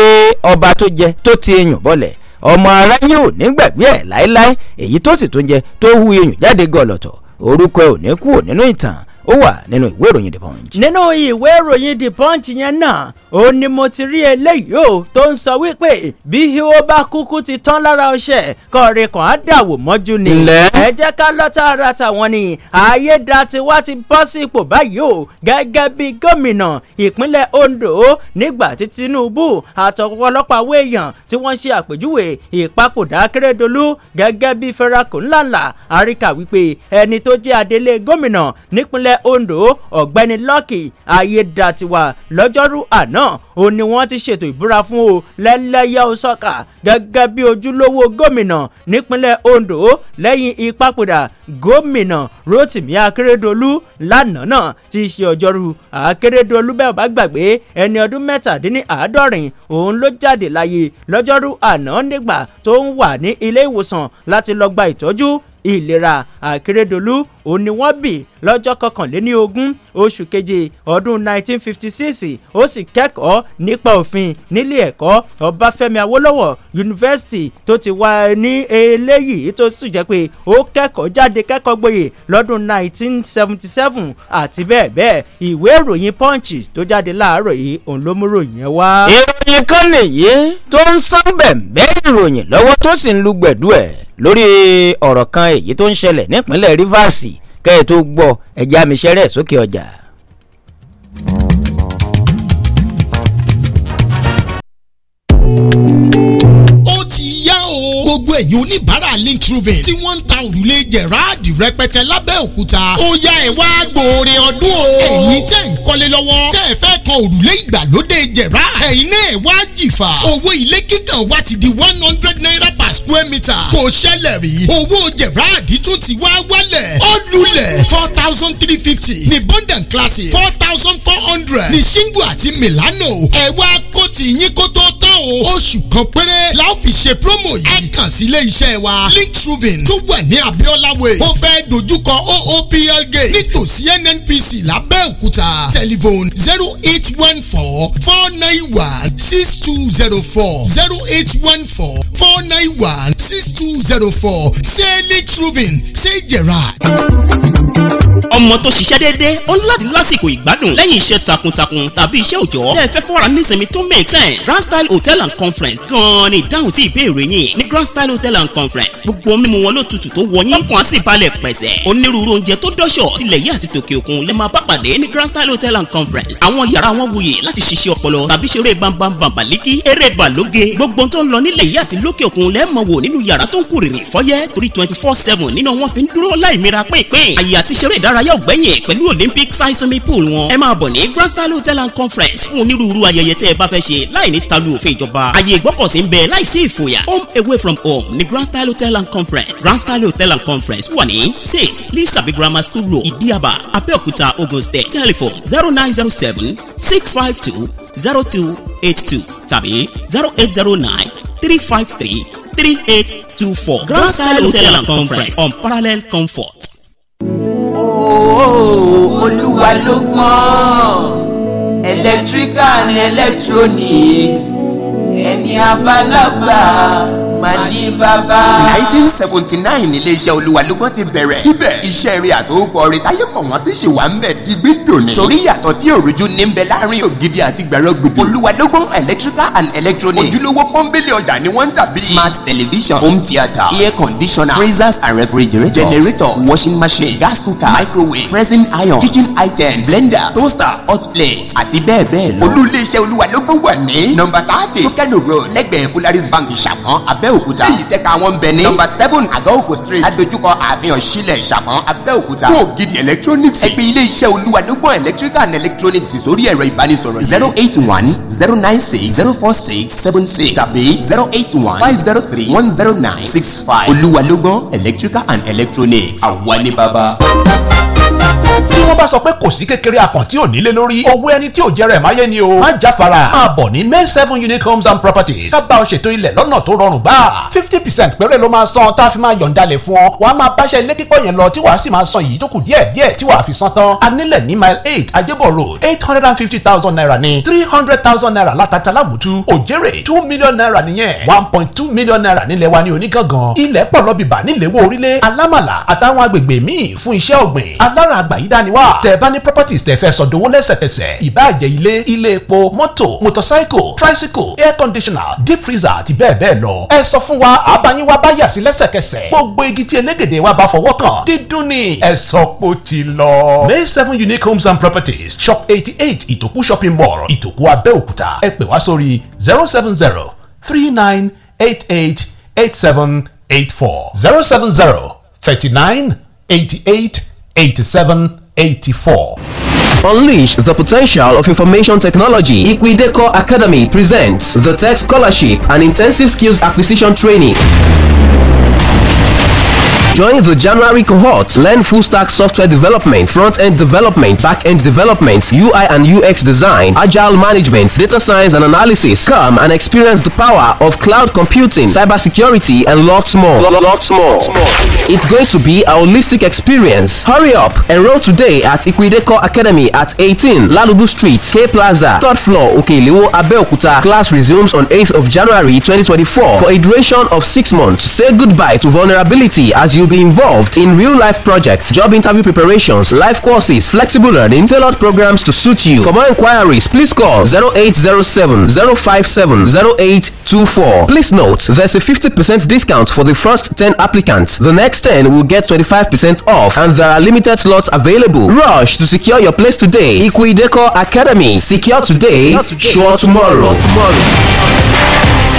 ọba tó jẹ tó ti yùn bọ́lẹ̀ ọmọ aráyé ò ní gbàgbé ẹ̀ láéláé èyí tó sì tún jẹ tó hu iyùn jáde gọlọ̀tọ̀ orúkọ ò ní kú nínú ìtàn ó wà nínú ìwé ìròyìn the punch. nínú ìwé ìròyìn the punch yẹn náà ó ní mo ti rí eléyìí o tó ń sọ wípé bí ihò bá kúkú ti tán lára ọṣẹ kọrin kan á dàwò mọ́jú ni. ǹlẹ́. ẹ jẹ́ ká lọ tààrà tàwọn ni ayéda ti bọ́ sí ipò báyìí o gẹ́gẹ́ bí gómìnà ìpínlẹ̀ Ondo nígbà tí Tinubu àtọ̀kọ́ ọlọ́pàá àwọn èèyàn tí wọ́n ṣe àpèjúwe ìpapòdà Akérèdọ́lù gẹ́gẹ́ bí fẹ́rakù ńláńlá àríkà wípé ẹni tó jẹ́ adelé gómìnà nípínlẹ̀ ìpínlẹ̀ Ondo ọ̀gbẹ́ni Lucky Ayédàtiwà lọ́jọ́rú àná òun ni wọ́n ti ṣètò ìbúra fún o lẹ́lẹ́yẹ Osaka gẹ́gẹ́ bí ojúlówó gómìnà nípínlẹ̀ Ondo lẹ́yìn ìpapòdà gómìnà Rotimi Akeredolu lánàá náà ti ṣe ọjọ́rú Akeredolu bẹ́ẹ̀ bá gbàgbé ẹni ọdún mẹ́tàdínláàádọ́rin òun ló jáde láyé lọ́jọ́rú àná nígbà tó ń wà ní ilé ìwòsàn láti lọ gba ìtọ́jú ìlera àkérédolú òun ni wọ́n bì lọ́jọ́ kọkànléní ogún oṣù keje ọdún 1956 ó sì kẹ́kọ̀ọ́ nípa òfin nílé ẹ̀kọ́ ọbáfẹ́mi awólọ́wọ̀ yunifásitì tó ti wà ní eléyìí tó sì jẹ́ pé ó kẹ́kọ̀ọ́ jáde kẹ́kọ̀ọ́ gboyè lọ́dún 1977 àti bẹ́ẹ̀ bẹ́ẹ̀ ìwé ìròyìn punch tó jáde láàárọ̀ yìí òun ló múrò yẹn wá. ìròyìn kan nìyí tó ń sán bẹ̀ẹ̀ bẹ́ẹ̀ ìròyìn lọ́wọ́ tó sì ń lùgbẹ̀dù ẹ̀ lórí ọ̀rọ̀ kan èyí tó ń ṣẹlẹ̀ nípínlẹ̀ Rivers kẹ́ẹ̀ tó gbọ́ ẹ̀jẹ̀ àmìṣẹ́rẹ̀ sókè ọjà. thank you gbogbo ẹ̀yin oníbàárà lintroven tí wọ́n ń ta òrùlé gerard rẹpẹtẹ lábẹ́òkúta ó yá ẹ̀ wá gbòòrè ọdún o. ẹ̀yin tẹ́ ń kọ́lé lọ́wọ́ tẹ́ fẹ́ kan òrùlé ìgbàlódé gerard ẹ̀yin náà ẹ̀ wá jìfà owó ilé kíkàn wa ti di one hundred naira per square meter kò ṣẹlẹ̀ rí owó gerard tún ti wá wálẹ̀ ó lulẹ̀ four thousand three fifty ní bondant classic four thousand four hundred ní shingle àti milano ẹ̀ wá kó ti yín kó tó tán o oṣù kan péré la ó fi ṣe promo yìí. ẹ kàn sí ilé iṣẹ́ wa links roofing tó wà ní abiola way ó fẹ́ dojúkọ oopl gate nítòsí nnpc lábẹ́òkúta telephone zero eight one four four nine one six two zero four zero eight one four four nine one six two zero four ṣé links roofing ṣé gerard ọmọ tó ṣiṣẹ́ déédéé ó ní láti lásìkò ìgbádùn lẹ́yìn iṣẹ́ takuntakun tàbí iṣẹ́ òjọ́ lẹ́ẹ̀fẹ́ fọ́ra nísinmi tó make sense grand style hotel and conference gan-an ni ìdáhùn sí ìbéèrè yín ní grand crystal hotel and conference gbogbo mímu wọn ló tutù tó wọnyí kàn sì balẹ̀ pẹ̀sẹ̀ onírúurú oúnjẹ tó dọ́ṣọ̀ tilẹ̀ yìí àti tòkè òkun lè máa bá pàdé ní crystal hotel and conference àwọn yàrá wọn wuyì láti ṣiṣẹ́ ọpọlọ tàbí ṣeré bambambam baliki eré balóge gbogbo tó ń lọ nílẹ̀ yìí àti lókè òkun lè máa wò nínú yàrá tó ń kúrìrì fọ́yẹ́ torí twenty four seven nínú wọn fi ń dúró láìmira pínpín àyè àti ṣeré ìdárayá ògbẹ́yìn pẹ̀lú olympic swimming pool wọn ẹ máa bọ̀ hotel and conference fún onírúurú ayẹyẹ tẹ́ ẹ bá fẹ́ ṣe láì ní talu òfin ìjọba àyè ìgbọ́kọ̀sí home away from home ní grand style hotel and conference grand style hotel and conference wà ní six lisabi grammar school road Idiaba. abẹ́òkúta ogun state telephone zero nine zero seven six five two zero two eight two tàbí zero eight zero nine three five three three eight two four grand style hotel and conference on parallel comfort. ooo oh, olúwa ló gbọ́n electrical and electronics ẹni abalaba máa ní bàbá. nineteen seventy nine iléeṣẹ́ olúwa ti bẹ̀rẹ̀. síbẹ̀ iṣẹ́ rẹ̀ àtòkọ rẹ̀ táyé mọ̀ wọ́n sì ṣe wà ń bẹ̀ digbí dòní. torí yàtọ̀ tí òrùjú ní bẹ láàrin ògidì àti gbẹ̀rẹ̀ gbòdò. electrical and electronics. ojúlówó pọ́ńbélé ọjà ni wọ́n ń tà smart television home theatre air conditioner freezers and refrigerators generators washing machine gas cooker microwave pressing iron kitchen items blender toaster hot plate àti bẹ́ẹ̀ bẹ́ẹ̀ lọ. olú iléeṣẹ́ olúwa ló gbọ́n wà ní. nọ́mbà thirty tókẹ́nù road lẹ́gbẹ̀ẹ́ polaris bank ìṣàmọ́ abẹ́ abẹ́òkúta. èyí tẹ́ka àwọn ń bẹ ní. number seven àgọ́òkò street. adójúkọ àfihàn sílẹ̀ ìṣàkàn abẹ́òkúta. fún ògidì electronics. ẹgbẹ́ ilé iṣẹ́ olúwa ló gbọ́n electrical and electronics sórí ẹ̀rọ ìbánisọ̀rọ̀ zero eight one zero nine six zero four six seven six tàbí zero eight one five zero three one zero nine six five olúwa ló gbọ́n electrical and electronics àwa ní bàbá tí wọ́n bá sọ pé kò sí kékeré akàn tí ò nílé lórí owó ẹni tí ò jẹrẹ máyé ni o má jáfara máa bọ̀ ní main seven unique homes and properties ká bá ọ ṣètò ilẹ̀ lọ́nà tó rọrùn gbà fifty percent péré ló máa san tá a fi máa yọ̀ǹdalẹ̀ fún ọ wàá máa báṣẹ́ ilé kíkọ́ yẹn lọ tí wàá sì máa san yìí tó kù díẹ̀ díẹ̀ tí wàá fi san tán anílẹ̀ ní mile eight ajébọ̀ road eight hundred and fifty thousand naira ní three hundred thousand naira látàtà lámùtú òjèrè two million naira nìyẹn one point two million naira nílẹ̀ wa ní onígangan ilẹ̀ pọ̀ lọ́bìbà nílẹ̀ wo orílẹ̀ alámàlà àtàwọn agbègbè míì fún iṣẹ́ ọ̀gbìn alára àgbà yìí dání wá. tẹ́ bá ní properties tẹ́ fẹ́ sọdowó lẹ́sẹ̀kẹsẹ̀ ìbáàjẹ́ ilé ilé epo moto, motorcycle tricycle air conditioner deep freezer àti bẹ́ẹ̀ bẹ́ẹ̀ lọ. ẹ sọ fún wa àbáyín wa bá yà sí lẹ́sẹ̀kẹsẹ̀ gbogbo igi tí elégèdè wa bá fọwọ́ kàn dídùn ni ẹ sọ pé ó ti lọ. May seven unique homes and properties shop eighty eight ìtòkú shopping mall ìtòkú abẹ́òkúta ẹ pè wá sórí zero seven zero three nine eight eight eight seven eight four zero seven zero thirty nine eighty eight eighty seven. 84. Unleash the potential of information technology. Equideco Academy presents the Tech Scholarship and Intensive Skills Acquisition Training. Join the January cohort. Learn full stack software development, front end development, back end development, UI and UX design, agile management, data science and analysis. Come and experience the power of cloud computing, cybersecurity, and lots more. Lots more. It's going to be a holistic experience. Hurry up! Enroll today at Equideco Academy at 18 Lalubu Street, K Plaza, third floor, Okelewo, Abeokuta. Class resumes on 8th of January 2024 for a duration of six months. Say goodbye to vulnerability as you You'll be involved in real life projects, job interview preparations, life courses, flexible learning, tailored programs to suit you. For more inquiries, please call 0807 057 0824. Please note there's a 50% discount for the first 10 applicants. The next 10 will get 25% off, and there are limited slots available. Rush to secure your place today. Equideco Academy. Secure today, secure today. sure tomorrow. tomorrow.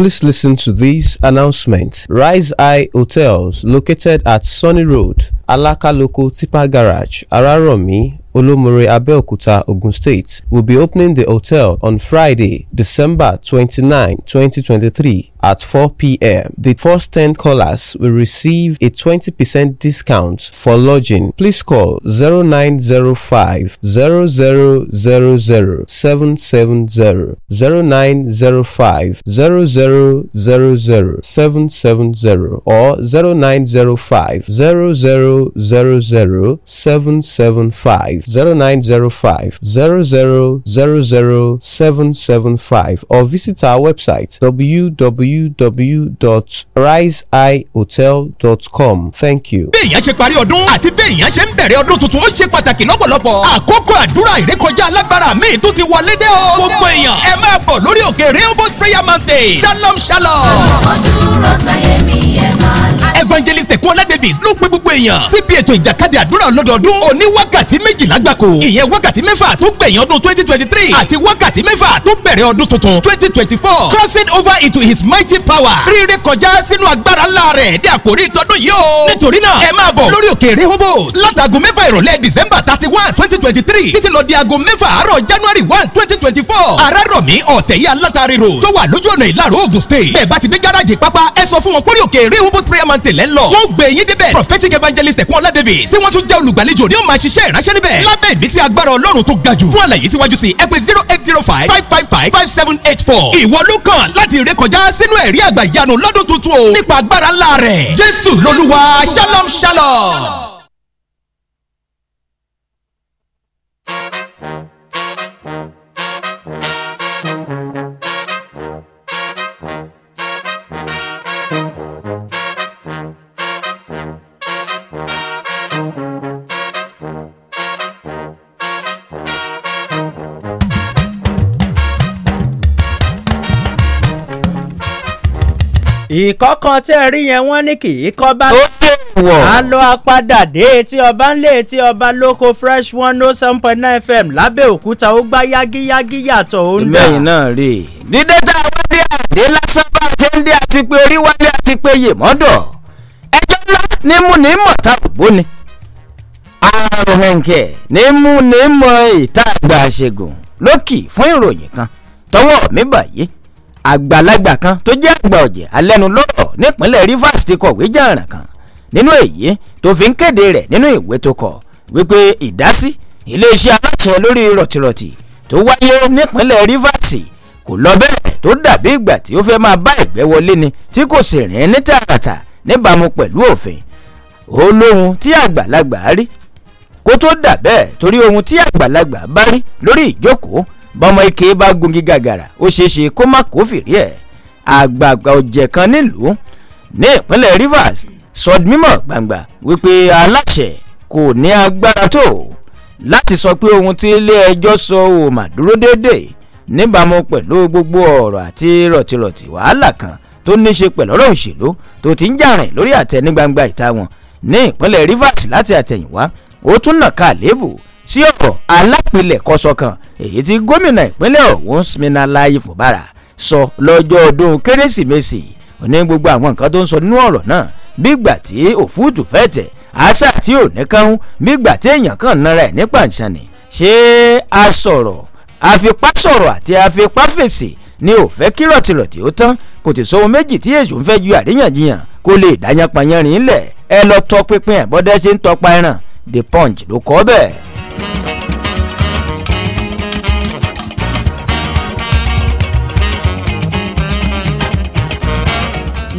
Please listen to these announcements. Rise Eye Hotels, located at Sunny Road, Alaka Local Tipa Garage, Araromi, Olomore Abeokuta, Ogun State, will be opening the hotel on Friday, December 29, 2023 at 4 p.m. The first 10 callers will receive a 20% discount for lodging. Please call 0905 0000 770 or 0905 0000 775 0905 775 or visit our website www www.riseeyehotel.com. thank you. bí èèyàn ṣe parí ọdún àti bí èèyàn ṣe ń bẹ̀rẹ̀ ọdún tuntun ó ṣe pàtàkì lọ́pọ̀lọpọ̀. àkókò àdúrà ìrékọjá alágbára mi tó ti wọlé dé o. gbogbo èèyàn ẹ máa bọ̀ lórí òkè rainbow prayer mountain shalom shalom. àtọ́jú rọ̀ṣà evangelist ẹ̀kúnlá davis ló pe gbogbo èèyàn síbi ètò ìjàkadì àdúrà ọlọ́dọọdún òní wákàtí méjìlá gbáko ìyẹn wákàtí mẹ́fà tó gbẹ̀yìn ọdún twenty twenty three àti wákàtí mẹ́fà tó bẹ̀rẹ̀ ọdún tuntun twenty twenty four crossing over into his mighty power rírẹ kọjá sínú agbára ńlá rẹ̀ ní àkórí ìtọ́dún yìí o nítorí náà ẹ máa bọ̀ lórí òkè rehoboth látago mẹ́fà ìrọ̀lẹ́ december thirty one twenty twenty three títí lọ di aago sunday lẹ́ńlọ. wọ́n gbé yín débẹ̀ prophetic evangelist ẹ̀kúnọ́lá davis tí wọ́n tún jẹ́ olùgbàlejò ni ó máa ṣiṣẹ́ ìránṣẹ́ níbẹ̀. lábẹ́ ìbísí agbára ọlọ́run tó ga jù. fún àlàyé síwájú sí ẹ zero eight zero five five five five five seven eight four. ìwọ ló kàn láti rékọjá sínú ẹ̀rí àgbà ìyanu lọ́dún tuntun o nípa agbára ńlá rẹ̀. jésù lolúwa shalom. shalom. ìkọ́kọ́ tẹ́ ẹ rí yẹn wọ́n ní kì í kọ́ bá. ó ṣe wọ̀. a lọ apádà dé etí ọba ńlẹ̀ etí ọba lóko fresh one oh seven point nine fm lábẹ́òkúta ó gbá yágíyágí yàtọ̀ ó ń dà. ìbẹ́yìn náà rè é. dídé tá a wá dé àdé lásán bá a ṣe ń dé àti pé orí wálé àti pé yèmọ́dọ̀ ẹjọ́ ńlá ní mú ní mọ̀ta ògbó ni. àrùn ẹ̀ǹkẹ̀ ní mú ní mọ ìta àgbà ṣègùn lókì fún ìròyìn kan tọwọ́ mi bàyẹ́ àgbàlagbà kan tó jẹ́ àgbà ọ̀jẹ̀ alẹ́nulọ́rọ̀ nípínlẹ̀ Rivers ti kọ̀wé jàǹràn kan nínú èyí tó fi ń kéde rẹ̀ nínú ìwé tó kọ wípé ìdásí iléeṣẹ́ aláṣẹ lórí rọ̀tìrọ̀tì tó wáyé nípínlẹ̀ Rivers kò lọ bẹ́ẹ̀ tó dàbí ìgbà tí ó fẹ́ máa bá ìgbẹ́ wọlé ni tí kò sì rìn ní tààràtà níbàámu pẹ̀lú òfin olóhun tí àgbàlagbà rí kó tó dà bẹ́ẹ̀ torí ohun tí àgbàlagbà bá rí lórí ìjókòó bọ́mọ ike bá gungi gàgàrà ó ṣeéṣe kó má kófìrí ẹ̀ àgbààgbà ọ̀jẹ̀ kan nílùú ní ìpínlẹ̀ Rivers sọd mímọ̀ gbangba wípé aláṣẹ kò ní agbára tó láti sọ pé ohun tí ilé ẹjọ́ sọ ò mà dúró déédéé níbàámu pẹ̀lú gbogbo ọ̀rọ̀ àti rọ̀tìrọ̀tì wàhálà kan tó ní ṣe pẹ̀lú ọ̀rọ̀ òṣèlú tó ti ń jàrìn lórí àtẹ ní gbangba ìta wọn ní ìpínlẹ̀ Rivers láti àtẹ̀yìnwá ó tún nàka àléébù sí ọ̀rọ̀ alápilẹ̀kọ sọ̀kan èyí tí gómìnà ìpínlẹ̀ ọ̀hún Siminalayi Fubara sọ lọ́jọ́ ọdún kérésìmesì òní gbogbo àwọn nǹkan tó ń sọ nínú ọ̀rọ̀ náà bígbà tí òfúùtù fẹ́ tẹ̀ àṣà tí ò ní kánú bígbà tí èèyàn kàn nara ẹ̀ ní pàǹṣánì ṣé a sọ̀rọ̀ àfipásọ̀rọ̀ àti àfipáfèsì ni ò fẹ́ kí rọ̀tìrọ̀tì ó tán kò tí sóhun méjì tí èṣù ń fẹ́ ju àríyànjiyàn kó lè dáyanpanyanrin lẹ̀ ẹ lọ tọpinpin ẹ̀ bọ́dẹ́ ń tọpa ẹran The Punch ló kọ bẹ́ẹ̀.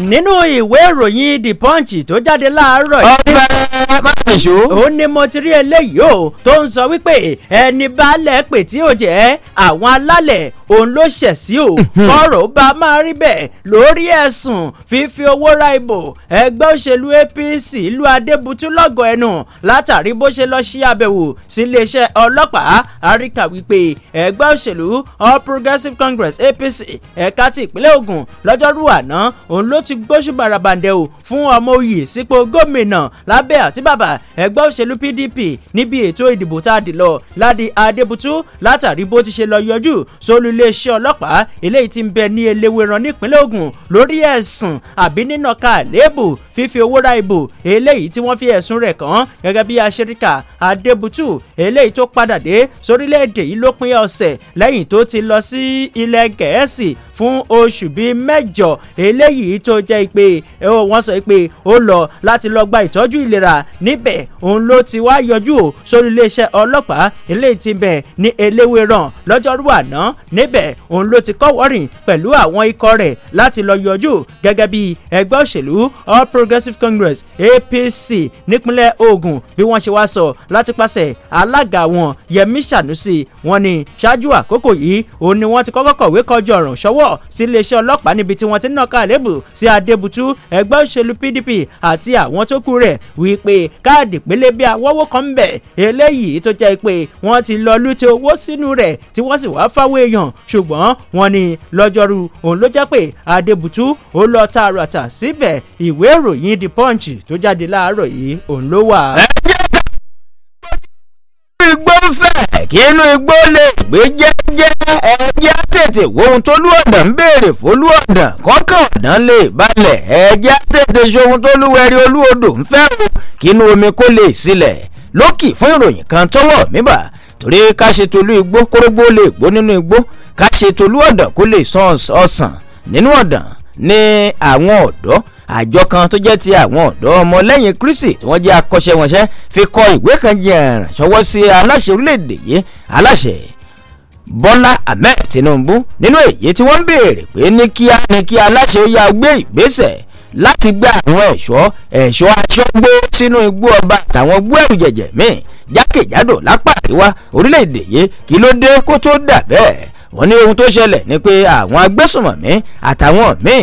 nínú ìwé ìròyìn the punch tó jáde láàárọ̀ yìí. ọ̀fẹ́ má nìṣó. ó ní mo ti rí eléyìí o tó ń sọ wípé ẹni baálẹ̀ pè tí ó jẹ́ àwọn alálẹ̀ òun ló ṣẹ̀ sí o ọ̀rọ̀ bá máa rí bẹ́ẹ̀ lórí ẹ̀sùn fífi owó ra ìbò ẹgbẹ́ òṣèlú APC ìlú Adébútú lọ́gọ̀ ẹnu látàrí bó ṣe lọ ṣe àbẹ̀wò sí iléeṣẹ́ ọlọ́pàá àríkà wípé ẹgbẹ́ òṣèlú All Progressives Congress APC ẹ̀ka ti ìpínlẹ̀ Ògùn lọ́jọ́rú àná òun ló ti gbóṣùbàràbàǹdẹ̀ o fún ọmọ òye sípò gómìnà lábẹ́ àti bàbá ẹgbẹ́ òṣèlú PDP níbi ètò ìdìbò tá a dì lọ Ládi Adébútú látàrí bó ti ṣe lọ yọjú sólú iléeṣẹ́ ọlọ́pàá eléyìí tí ń bẹ ní Eléwéran nípínlẹ̀ Ògùn lórí ẹ̀sùn àbí nínàka àléébù fífi owó ra ìbò eléyìí tí wọ́n fi ẹ̀sùn rẹ̀ kàn gẹ́gẹ́ bí aṣeríkà adébútù eléyìí tó padà dé sórílẹ̀-èdè yìí lópin ọ̀sẹ̀ lẹ́yìn tó ti lọ sí ilẹ̀ gẹ̀ẹ́sì fún oṣù bíi mẹ́jọ eléyìí tó jẹ́ pé wọ́n sọ pé ó lọ láti lọ gba ìtọ́jú ìlera níbẹ̀ òun ló ti wá yọjú o sórí iléeṣẹ́ ọlọ́pàá eléyìí ti bẹ̀ ní eléwéràn lọ́jọ́rú àná níbẹ̀ òun ló ti kọ́wọ́rìn pẹ̀lú àwọn ikọ̀ rẹ̀ láti lọ yọjú gẹ́gẹ́ bí ẹgbẹ́ òṣèlú all pro progressive congress apc nípínlẹ̀ ogun bí wọ́n ṣe wá sọ láti pàṣẹ alága wọn yẹmí sanusi wọ́n ní ṣáájú àkókò yìí òun ni wọ́n ti kọ́kọ́ kọ̀wé kọjọ ọ̀ràn ṣọwọ́ sí iléeṣẹ́ ọlọ́pàá níbi tí wọ́n ti nàka àlébù sí adébùtú ẹgbẹ́ òṣèlú pdp àti àwọn tó kù rẹ̀ wípé káàdì pélébé awọ́wọ́ kan ń bẹ̀ eléyìí tó jẹ́ pé wọ́n ti lọ lúte owó sínú rẹ̀ tí wọ́n sì wá fáwọn èèyàn ṣùgbọ́n wọ́n ní lọ́jọ́rú òun ló jẹ́ pé adébùtú ó lọ tààràtà síbẹ̀ ìwé ìrò ìròyìn the punch tó jáde láàárọ̀ yìí òun ló wà. ẹ jẹ́ ká igbó fẹ̀ kí inú igbó lè gbé jẹ́jẹ́ ẹ jẹ́ tètè wo ohun tó lú ọ̀dàn ń béèrè fólú ọ̀dàn kọ́kàn ọ̀dàn lè balẹ̀ ẹ jẹ́ tètè ṣe ohun tó lúwẹ̀rí olú odò ń fẹ́ o kí inú omi kó lè sílẹ̀ lókì fún ìròyìn kan tọ́wọ́ mi bà torí ká ṣe tolú igbó kórógbó lè gbó nínú igbó ká ṣe tolú ọ̀dàn kó lè san ọsàn nínú ọ̀dàn ní àwọn ọ̀dọ́ àjọ kan tó jẹ́ ti àwọn ọ̀dọ́ ọmọlẹ́yìn kristi tí wọ́n jẹ́ akọ́ṣẹ́wọṣẹ́ fi kọ ìwé kan jẹ̀ràn ṣọwọ́ sí aláṣẹ orílẹ̀-èdè yìí aláṣẹ bọ́lá ahmed tinubu nínú èyí tí wọ́n ń béèrè pé ní kíá ní kí aláṣẹ ó yá gbé ìgbésẹ̀ láti gbé àwọn ẹ̀ṣọ́ ẹ̀ṣọ́ aṣọ́gbó sínú igbó ọba àtàwọn igbó ẹ̀rù jẹ̀jẹ̀ míì jákèjádò lápá àríwá orílẹ̀-èdè yìí kí ló dé kó tó dà bẹ́ẹ̀ wọ́n ní ohun tó ṣẹlẹ̀ ni pé àwọn agbésùnmọ̀mí àtàwọn míì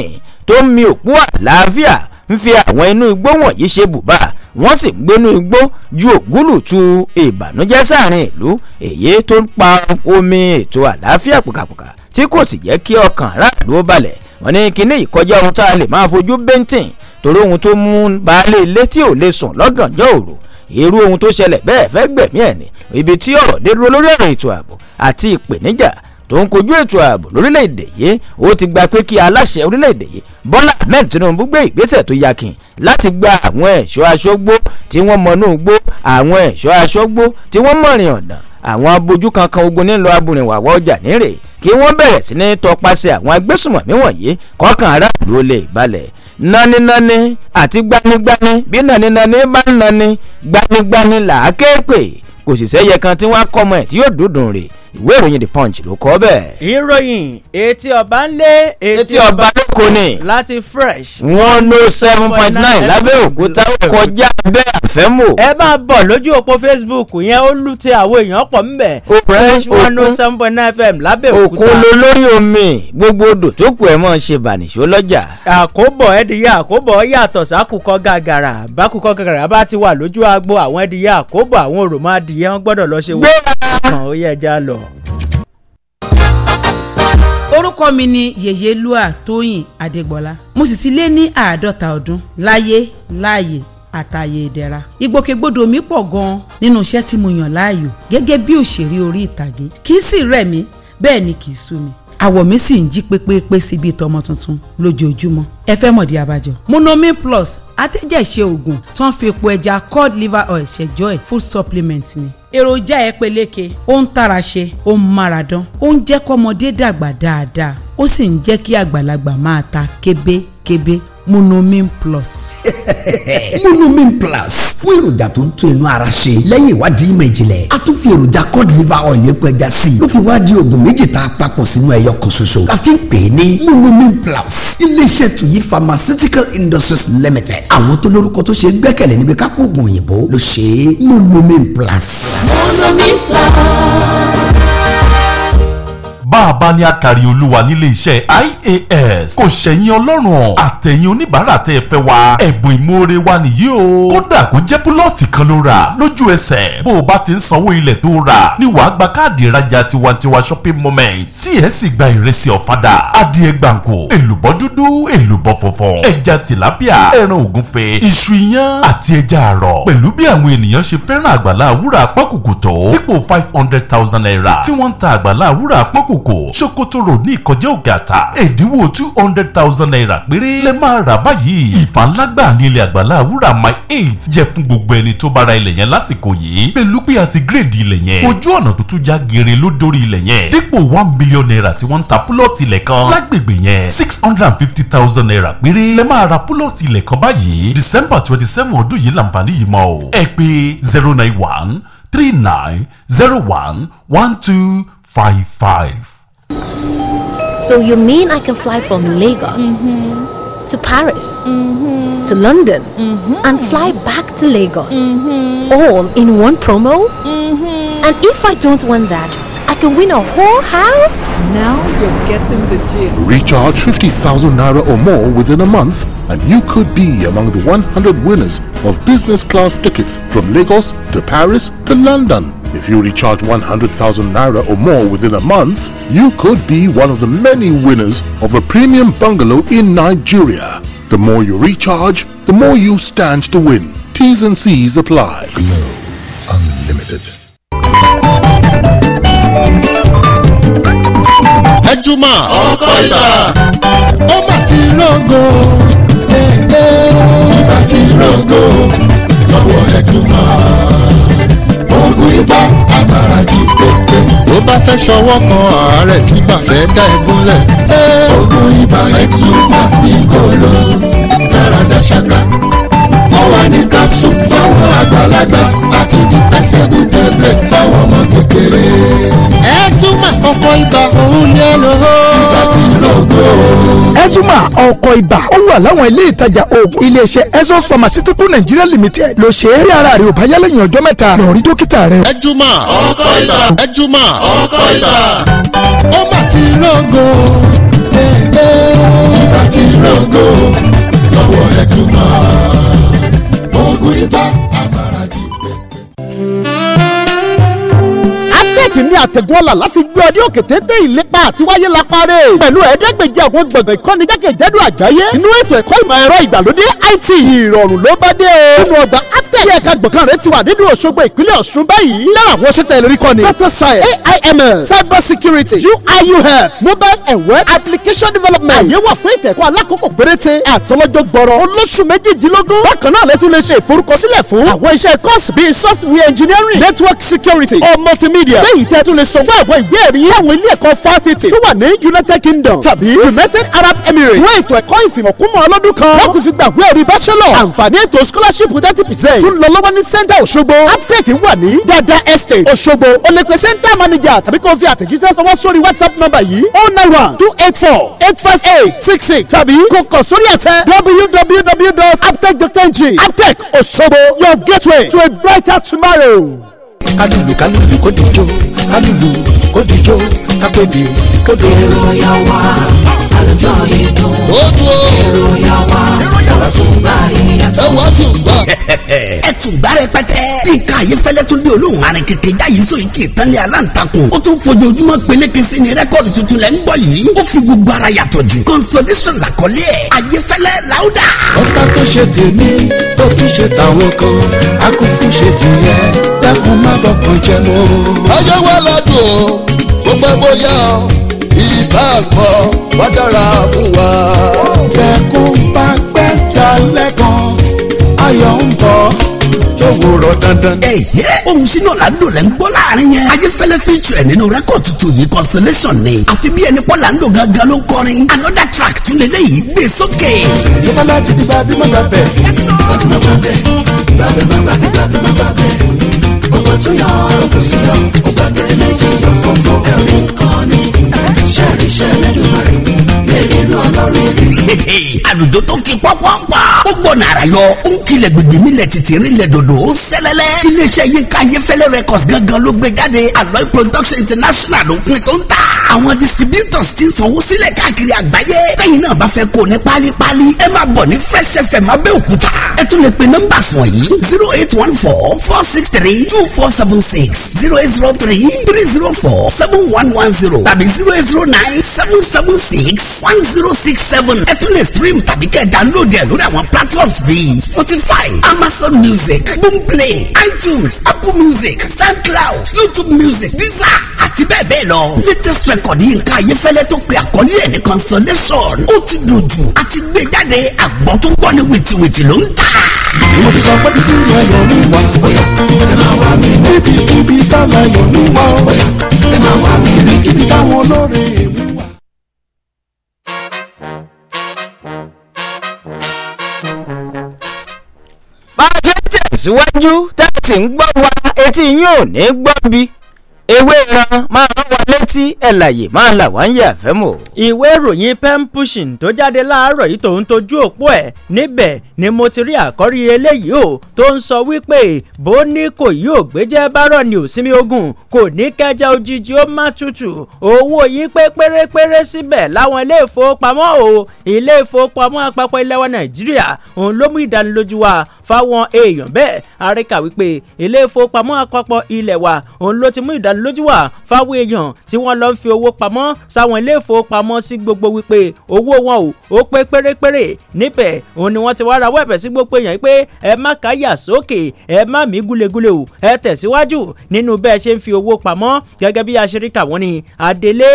tó ń mi òpó àlàáfíà ń fi àwọn inú igbó wọ̀nyí ṣe bùbá wọ́n sì ń gbénú igbó ju ògúlùtù ìbànújẹ́ sáàrin ìlú èyí tó ń pa omi ètò àlàáfíà pùkàpùkà tí kò sì jẹ́ kí ọkàn aráàlú ó balẹ̀ wọ́n ní kinní ìkọjá ohun tá a lè máa fojú bẹ́ńtìn torí ohun tó mú baálé ilé tí ò lè sùn lọ́gànjọ́ òru irú ohun tó ṣẹlẹ̀ bẹ́ẹ̀ fẹ́ gbẹ̀mí ẹ̀ ní ibi tí ọ̀rọ̀ dé dúró lórí ọ̀rọ̀ ètò ààbò àti ìpèníjà tó ń kojú ètò ààbò lórílẹ̀‐èdè yìí ó ti gba pé kí aláṣẹ orílẹ̀‐èdè yìí Bọ́lá Ahmed Tinubu gbé ìgbésẹ̀ tó yakin láti gba àwọn ẹ̀ṣọ́ aṣọ́gbó tí wọ́n mọnú gbó àwọn ẹ̀ṣọ́ aṣọ́gbó tí wọ́n mọ̀rìn ọ̀dàn àwọn abojú kankan ogun nílò abùrìnwàwọ̀ ọjà nírè kí wọ́n bẹ̀rẹ̀ sí ní tọpasẹ̀ àwọn agbésùmọ̀mí wọ̀nyí kọ́kàn aráàlú ó lè balẹ̀ nánínáni àti gbanigbani bí nánínáni bá ń nani gbanigbani là á ké pè kò sì sẹ́yẹ kan tí wọ́n á kọ́ ọmọ ẹ̀ tí yóò dúdùn rè ìwé ìròyìn the punch ló kọ bẹ́ẹ̀. ìròyìn etí ọba ń lé etí ọba lóko ni láti fresh. one oh seven point nine lábẹ́òkúta kọjá bẹ́ẹ̀ àfẹ́mò. ẹ máa bọ̀ lójú òpó facebook yẹn ó lù tí àwọn èèyàn pọ̀ ń fresh one oh seven point nine fm lábẹ́òkúta. òkun ló lórí omi gbogbo odò tó kù ẹ̀ mọ́ ṣe bànìṣó lọ́jà. àkóbọ̀ ẹ̀dìyẹ àkóbọ̀ yàtọ̀ sákùkọ gàgàrà bákùkọ gàgàrà bá ti wà lójú agbo àwọn ẹ̀dìyẹ àkóbọ̀ àwọn òròmọ adìyẹ wọn gbọ́dọ̀ lọ ṣe wọ́n. gbé kan ó yẹ já lọ orúkọ mi ni Yèyélúà Tóyìn Adégbọlá mo sì ti lé ní àádọ́ta ọdún láyé láàyè àtàyè ìdẹ̀ra ìgbòkègbodò mi pọ̀ gan-an nínú iṣẹ́ tí mo yàn láàyò gẹ́gẹ́ bí òṣèré orí ìtàgé kì í sì rẹ̀ mí bẹ́ẹ̀ ni kì í sú mi àwọ̀ mi sì ń jí pépépé síbi tọmọ tuntun lójoojúmọ́ ẹ fẹ́ mọ̀dí abájọ. Monomi plus atẹ́jẹ̀ṣe oògùn tó ń fi epo ẹja cod liver oil ṣẹjọ́ ẹ̀ food supplement ni. èròjà ẹ peléke ó ń tara ṣe ó ń mára dán ó ń jẹ́ kọ́mọdé dàgbà dáadáa ó sì ń jẹ́ kí àgbàlagbà máa ta kébékébé monomin plus. monomin plus fún èròjà tó ń tún inú ara ṣe lẹ́yìn ìwádìí ìmọ̀ ìjìnlẹ̀ a tún fi èròjà cod liver oil epo ẹja sí i ló fi wá oògùn méjì tá a papọ̀ sínú ẹyọ kan ṣoṣo la fi ń pè é ní monomin plus iléeṣẹ́ tuyi pharmaceutical industries limited àwọn tó lórúkọ tó ṣe gbẹ́kẹ̀lé níbi kápò oògùn òyìnbó ló ṣe é monomin plus. monomin plus bàbá ni akàrí olúwa nílé iṣẹ́ ias kò ṣẹ̀yìn ọlọ́run àtẹ̀yìn oníbàárà tẹ́ ẹ fẹ́ wa ẹ̀bùn ìmoore wa nìyí o kódà kó jẹ́ púlọ́ọ̀tì kan ló rà lójú ẹsẹ̀ bó o bá ti ń sanwó ilẹ̀ tó rà ni wàá gba káàdì ìrajà tiwantiwa shopping moment tí ẹ sì gba ìrẹsì ọ̀fadà adìẹ gbàǹkó èlùbọ́ dúdú èlùbọ́ funfun ẹja tìlápíà ẹran ògúnfe iṣu iyán àti ẹja àrọ̀ pẹ̀lú bí àwọn ènìyàn ṣe fẹ́ràn àgbàlá àwúrà apákòkò five hundred thousand naira tí wọ́n ń ta kòkò ṣòkòtò rò ní ìkọjẹ́ ògàtà ẹ̀dínwó two hundred thousand naira péré lẹ́ máa rà báyìí ìfànlágbà ní ilẹ̀ àgbàlá àwúrà my eight jẹ́ fún gbogbo ẹni tó bá ra ilẹ̀ yẹn lásìkò yìí pẹ̀lú pé a ti gírèdì ilẹ̀ yẹn ojú ọ̀nà tó tún já geere ló dórí ilẹ̀ yẹn dípò one million naira tí wọ́n ń ta púlọ̀tì ilẹ̀ kan lágbègbè yẹn six hundred and fifty thousand naira péré lẹ́ máa ra púlọ̀tì ilẹ̀ kan báyìí december twenty seven ọdún yìí làǹfààní yìí mọ́ zero nine one three nine zero one one two 55. So you mean I can fly from Lagos mm-hmm. to Paris mm-hmm. to London mm-hmm. and fly back to Lagos all in one promo? And if I don't want that, I can win a whole house? Now you're getting the gist. Recharge 50,000 naira or more within a month and you could be among the 100 winners of business class tickets from Lagos to Paris to London. If you recharge 100,000 naira or more within a month, you could be one of the many winners of a premium bungalow in Nigeria. The more you recharge, the more you stand to win. T's and C's apply. Glow Unlimited. Ejuma. ọkọ ibà ó bá ti ibà ti oògùn ibà àbàràjì pépé. tó bá fẹ́ ṣọwọ́ kan àárẹ̀ tí bá fẹ́ dá ẹ gúnlẹ̀. oògùn ibà ẹ̀ tún bá ní kò lò dáradá ṣáká wà ní capsule fáwọn àgbàlagbà àti dispensable tablet fáwọn ọmọ kékeré. ẹ túmọ̀ ibà òun ni ẹ lò ó. ibà tí lóògbé o. Ezuma ọkọ̀ ibà ó wà láwọn ilé ìtajà oògùn iléeṣẹ́ Ezos Pharmaceutical Nigeria Limited ló ṣe é. bí ara rẹ̀ ò bá yá lẹ́yìn ọjọ́ mẹ́ta lọ rí dókítà rẹ̀. Ezuma ọkọ̀ ibà Ezuma ọkọ̀ ibà. ó bá ti lóògbé o. ibà ti lóògbé o lọ́wọ́ Ezuma. back. kìíní àtẹ̀gùn ọ̀la láti gbé ọdí òkè téńté ìlépa àti la parẹ́. pẹ̀lú ẹ̀ẹ́dẹ́gbẹ̀jẹ̀ àwọn gbọ̀ngàn ìkọ́ni jákèjádò àgbáyé. inú ètò ẹ̀kọ́ ìmọ̀ ẹ̀rọ ìgbàlódé IT ìrọ̀rùn ló bá dé nínú ọgbà aptec ilé ẹ̀ka gbọ̀ngàn rẹ̀ ti wà nínú Òṣogbo ìpínlẹ̀ Ọ̀ṣun báyìí. lára àwọn ṣẹ́tẹ̀ ìlérí mobile and web application development. àyè wà fún ìtẹ̀kọ́ alákòókò péréte àtọlọ́jọ́ tẹ́ tún lè sọ̀wọ́ ẹ̀bọ ìwé ẹ̀rí táwọn ilé ẹ̀kọ́ fásitì tó wà ní United Kingdom tàbí United Arab Emirates fún ètò ẹ̀kọ́ ìfìmọ̀kúmọ̀ ọlọ́dún kan láti fi gbàgbé ẹ̀rí bachelor àǹfààní ètò scholarship thirty percent tún lọ lọ́wọ́ ní center Òṣogbo aptec wà ní dada estate Òṣogbo o lè pe center manager tàbí kó fi àtẹ̀jíṣẹ́ sọwọ́ sórí whatsapp number yìí oh nine one two eight four eight five eight six six tàbí kò kàn sórí àtẹ www.aptec.ng aptec Òṣogbo your gateway to a brighter tomorrow kálùlù kálùlù kó dijó kálùlù kó dijó kápẹ́bí kó dòwe. èrò ya wá àlùjọ yìí dùn èrò ya wá. Àwa tún gbà ìyàtọ̀. Àwa tún gbà. Ẹ tún gbà rẹpẹtẹ. Yínká Ayéfẹ́lẹ́ tún dé olóhùn arin kékeré jáyé sóyè kì í tán ní aláǹtakùn. Ó tún fojoojúmọ́ peléke sí ni rẹ́kọ̀dì tuntun lẹ́ ń bọ̀ yìí. Ó fi gbogbo ara yàtọ̀ jù. Consolation làkọ́lé ẹ̀. Ayéfẹ́lẹ́ làwùdà. Ọba tó ṣe tèmi, tó tún ṣe tàwọn kan, akókó ṣe tìyẹ, dákun má bọ̀kan jẹ́ mọ́. Ayé wa ládùn ó gbẹ́ bóyá ìbá àgbọ̀ wá dára fún wa. Bẹ́ẹ̀ kú ayọ̀ ń bọ̀ yóò rọ dandan. ẹ ẹ ohun sínú ọ̀la ló lẹ́ ń gbọ́ láàrin yẹn. ayéfẹ́lẹ́ feature nínú rẹ́kọ̀d tuntun yìí consolation ni. àfi bí ẹni pọ́lá ń lò gangan ló ń kọrin. another track tún lè léyìí gbé sókè. yọba láti di bá bímọ bá bẹ bímọ bá bẹ bàbẹ má bá bíbá bímọ bá bẹ ọgbọ tó yọ ọ̀rọ̀ kò sí yọ ọgbà gẹdẹ méjì yọ fọfọ ẹrin kọ́ni ṣẹẹri ṣẹlẹ dùn mọrin bèrè lọ lọ́rùn mi. àlùjọ tó kí pọ́npọ́npọ́ ó gbọ́nà ara yọ ó ń kilẹ̀ gbègbè mílẹ̀ títí rílẹ̀ dòdò ó sẹ́lẹ̀lẹ̀. iléeṣẹ́ yínká ayéfẹ́lẹ́ records gangan ló gbé jáde aloe production international ló pin tó ń ta. àwọn distributors ti sanwó sílẹ̀ káàkiri àgbáyé. lẹ́yìn náà bá fẹ́ kó ní pálípálí ẹ máa bọ̀ ní fresh fm abẹ́òkúta. ẹ tún lè pe nọ́mbà wọ̀nyí zero eight one four four six three two four seven six zero eight zero three three zero four seven one one zero tàbí zero eight zero nine seven seven six one zero six seven ẹ tún lè stream tàbí kẹ́ download ẹ̀ lórí àwọn platforms bíi spotify amazon music boomplay itunes apple music soundcloud youtube music deezer àti bẹ́ẹ̀ bẹ́ẹ̀ lọ. latest record Yínká Ayéfẹ́lẹ́ tó pe àkọlé ẹ̀ ní consolation ó ti dojú àti gbé jáde àgbọ̀n tó ń gbọ́ ní wìtìwìtì ló ń tà. mo ti sọ pé títí ayọ̀ mi wá bóyá ẹ máa wá mi níbikíbi tá láyọ̀ mi wá bóyá ẹ máa wá mi níbikíbi táwọn olóore mi wá. tẹ̀síwájú tẹ́sí ń gbọ́ wa etí yín ò ní gbọ́ bí ewé ran máa rán wa létí ẹ̀làyè máa là wá ń yà fẹ́ mọ̀. ìwé ìròyìn pen pushing tó jáde láàárọ̀ yìí tòun tójú òpó ẹ̀ níbẹ̀ ni mo ti rí àkọ́rí eléyìí o tó ń sọ wípé bó ní kò yí ò gbéjẹ́ bárọ̀ ni òsinmi ogun kò ní kẹjẹ òjijì ó má tutù owó yìí pé pérépéré síbẹ̀ láwọn ilé ìfowópamọ́ o ilé ìfowópamọ́ àpapọ̀ ilẹ̀ wa nàìjíríà òun ló mú ìdánilójú wa fáwọn èèyàn bẹ́ẹ̀ àríkà wípé ilé ìfowópamọ́ àpapọ̀ ilẹ̀ wa òun ló ti mú ìdánilójú wà fáwọn èèyàn tí wọ́n lọ ń fi owó pamọ́ sáwọn ilé ìfowópamọ́ sí gbogbo wípé owó wọn ò ó pé pérépéré níbẹ̀ òun ni wọ́n ti wá ra wẹ́ẹ̀bẹ̀ sí gbogbo èèyàn pé ẹ má káyà sókè ẹ má mí gúlegúle o ẹ tẹ̀síwájú nínú bẹ́ẹ̀ ṣe ń fi owó pamọ́ gẹ́gẹ́ bí aṣeríkà wọn ni adelé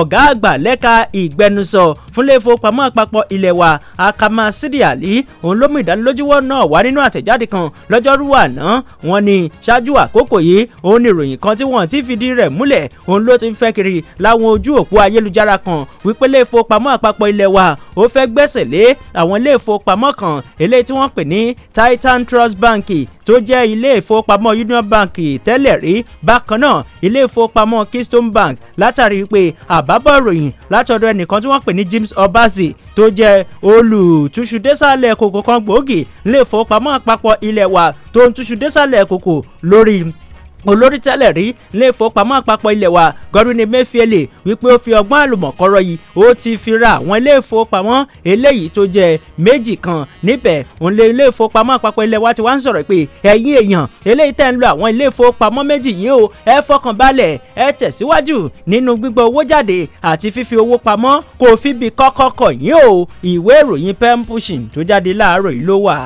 ọ̀gá àgbà lẹ́ka ìgbẹnusọ fúnlé ìfowópamọ́ àpapọ̀ ilẹ̀ wa akamasidiali òun ló mú ìdánilójú wọn náà wá nínú àtẹ̀jáde kan lọ́jọ́rú àná wọ́n ní ṣáájú àkókò yìí òun ni ìròyìn kan tí wọ́n ti fìdí rẹ̀ múlẹ̀ òun ló ti fẹ́ kiri láwọn ojú òpó ayélujára kan wípé ilé ìfowópamọ́ àpapọ̀ ilẹ̀ wa ó fẹ́ gbẹ́sẹ̀ lé àwọn ilé ìfowópamọ́ kan eléyìí tí wọ́n pè ní Titan Trust Bank tó jẹ́ ilé ìfowópamọ́ Union Bank tẹ́lẹ̀ rí bákan náà ilé ìfowópamọ́ Keystone Bank látàrí pé àbábọ̀ ròyìn látọ̀dọ̀ ẹnìkan tí wọ́n pè ní James Obazi tó jẹ́ olùtúṣu désàlẹ̀ kòkò kan gbòógì ilé ìfowópamọ́ àpapọ̀ ilẹ̀ wa tó ń túṣu désàlẹ̀ kòkò lórí olórí tẹ́lẹ̀ rí ilé ìfowópamọ́ àpapọ̀ ilé wa Godwin Emefiele wípé ó fi ọgbọ́n àlùmọ̀kọ́rọ̀ yìí ó ti fi ra àwọn ilé ìfowópamọ́ eléyìí tó jẹ́ méjì kan níbẹ̀ òun lé ilé ìfowópamọ́ àpapọ̀ ilé wa ti wá ń sọ̀rọ̀ pé ẹ̀yin èèyàn eléyìí tẹ́ ń lo àwọn ilé ìfowópamọ́ méjì yìí o ẹ fọkàn balẹ̀ ẹ tẹ̀síwájú nínú gbígbé owó jáde àti fífi owó pamọ́ kò fi bí kọ́kọ́kọ̀ yìí o ìwé ìròyìn pen pushing tó jáde láàárọ̀ yìí ló wà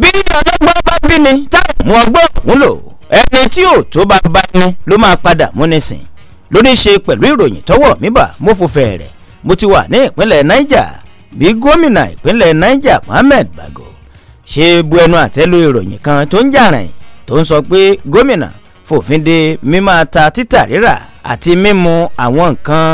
bí ọlọ́gbọ́n bá bí ni táwọn ọgbọ́n múlò ẹni tí ò tó bá bá ní ló máa padà múnisìn lórí ṣe pẹ̀lú ìròyìn tọwọ́ míbà mo fò fẹ̀rẹ̀ mo ti wà ní ìpínlẹ̀ niger bí gómìnà ìpínlẹ̀ niger mohammed bago ṣe bu ẹnu àtẹ́lu ìròyìn kan tó ń jàrìn tó ń sọ pé gómìnà fòfin de mímáa ta títà rírà àti mímu àwọn nǹkan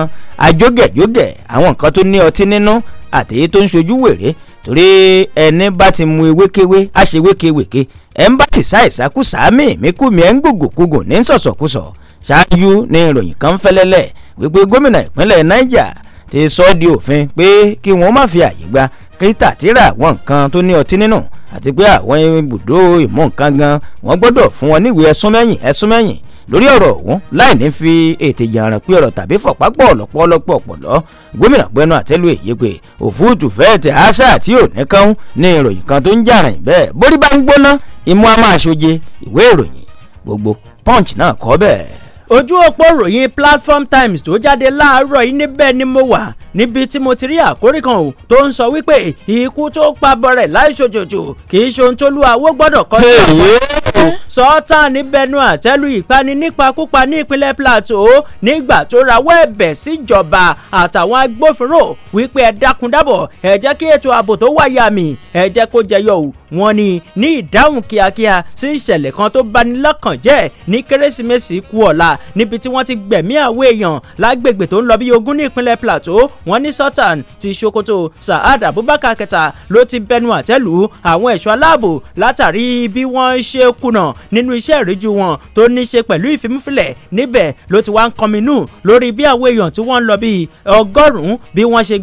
ajógẹ̀jógẹ̀ àwọn nǹkan tó ní ọtí nínú àtèyí tó ń ṣojú wèrè torí ẹni bá ti mu ewékewé á ṣe wékewèké ẹ ń bá ti sá ìsákúsá mi mi kú mi ẹ ń gògòkúgò ní sọ̀sọ̀kúsọ ṣáájú ni ìròyìn kan fẹ́lẹ́lẹ̀ wípé gómìnà ìpínlẹ̀ Niger ti sọ di òfin pé kí wọ́n má fi àyè gba kíta tíra àwọn nǹkan tó ní ọtí nínú àti pé àwọn ibùdó ìmọ̀ nǹkan gan wọ́n gbọ́dọ̀ fún wọn níwèé ẹsùn mẹ́yìn ẹsùn mẹ́yìn lórí ọ̀rọ̀ ọ̀hún láì ní fi ètè jàǹràn pé ọ̀rọ̀ tàbí fọ̀pá pọ̀ lọ́pọ̀lọpọ̀ pọ̀lọ́ gómìnà gbẹnu àtẹ́lu èyípe òfúùtù fẹ́ẹ́ tẹ àṣà àti òníkan ní ìròyìn kan tó ń jàrìn bẹ́ẹ̀ borí bá ń gbóná imú a máa ṣoje ìwé ìròyìn gbogbo punch náà kọ́ bẹ́ẹ̀ ojú òpó ròyìn platform times tó jáde láàárọ̀ yìí níbẹ̀ ni mo wà níbi tí mo ti rí àkórí kan ò tó ń sọ wípé ikú tó pa bọ̀rẹ̀ láìṣòjòjò kì í ṣe ohun tó lu àwọ̀ gbọ́dọ̀ kọjú àwọn o sọ́ọ́tà níbẹ̀nu àtẹ́lu ìpani nípakúpa ní ìpínlẹ̀ Plateau nígbà tó rawọ́ ẹ̀bẹ̀ síjọba àtàwọn agbófinró wípé ẹ dákun dábọ̀ ẹ jẹ́ kí ètò ààbò tó wáyà mí ẹ jẹ́ kó jẹyọ o wọ́n ni ní ìdáhùn kíákíá sí ìṣẹ̀lẹ̀ kan tó bani lọ́kàn jẹ́ ní kérésìmesì kú ọ̀la níbi tí wọ́n ti gbẹ̀mí àwọn èèyàn lágbègbè tó ń lọ bí ogún ní ìpínlẹ̀ plateau wọ́n ní sultan ti sokoto saad abubakar kẹta ló ti bẹnu àtẹ́lù àwọn ẹ̀ṣọ́ aláàbò látàrí bí wọ́n ṣe kùnà nínú iṣẹ́ ìríjú wọn tó ní ṣe pẹ̀lú ìfimúfilẹ̀ níbẹ̀ ló ti wá ń kọminú lórí bí àwọn èèyàn tí wọ́n ń lọ bíi ọgọ́rùn-ún bí wọ́n ṣe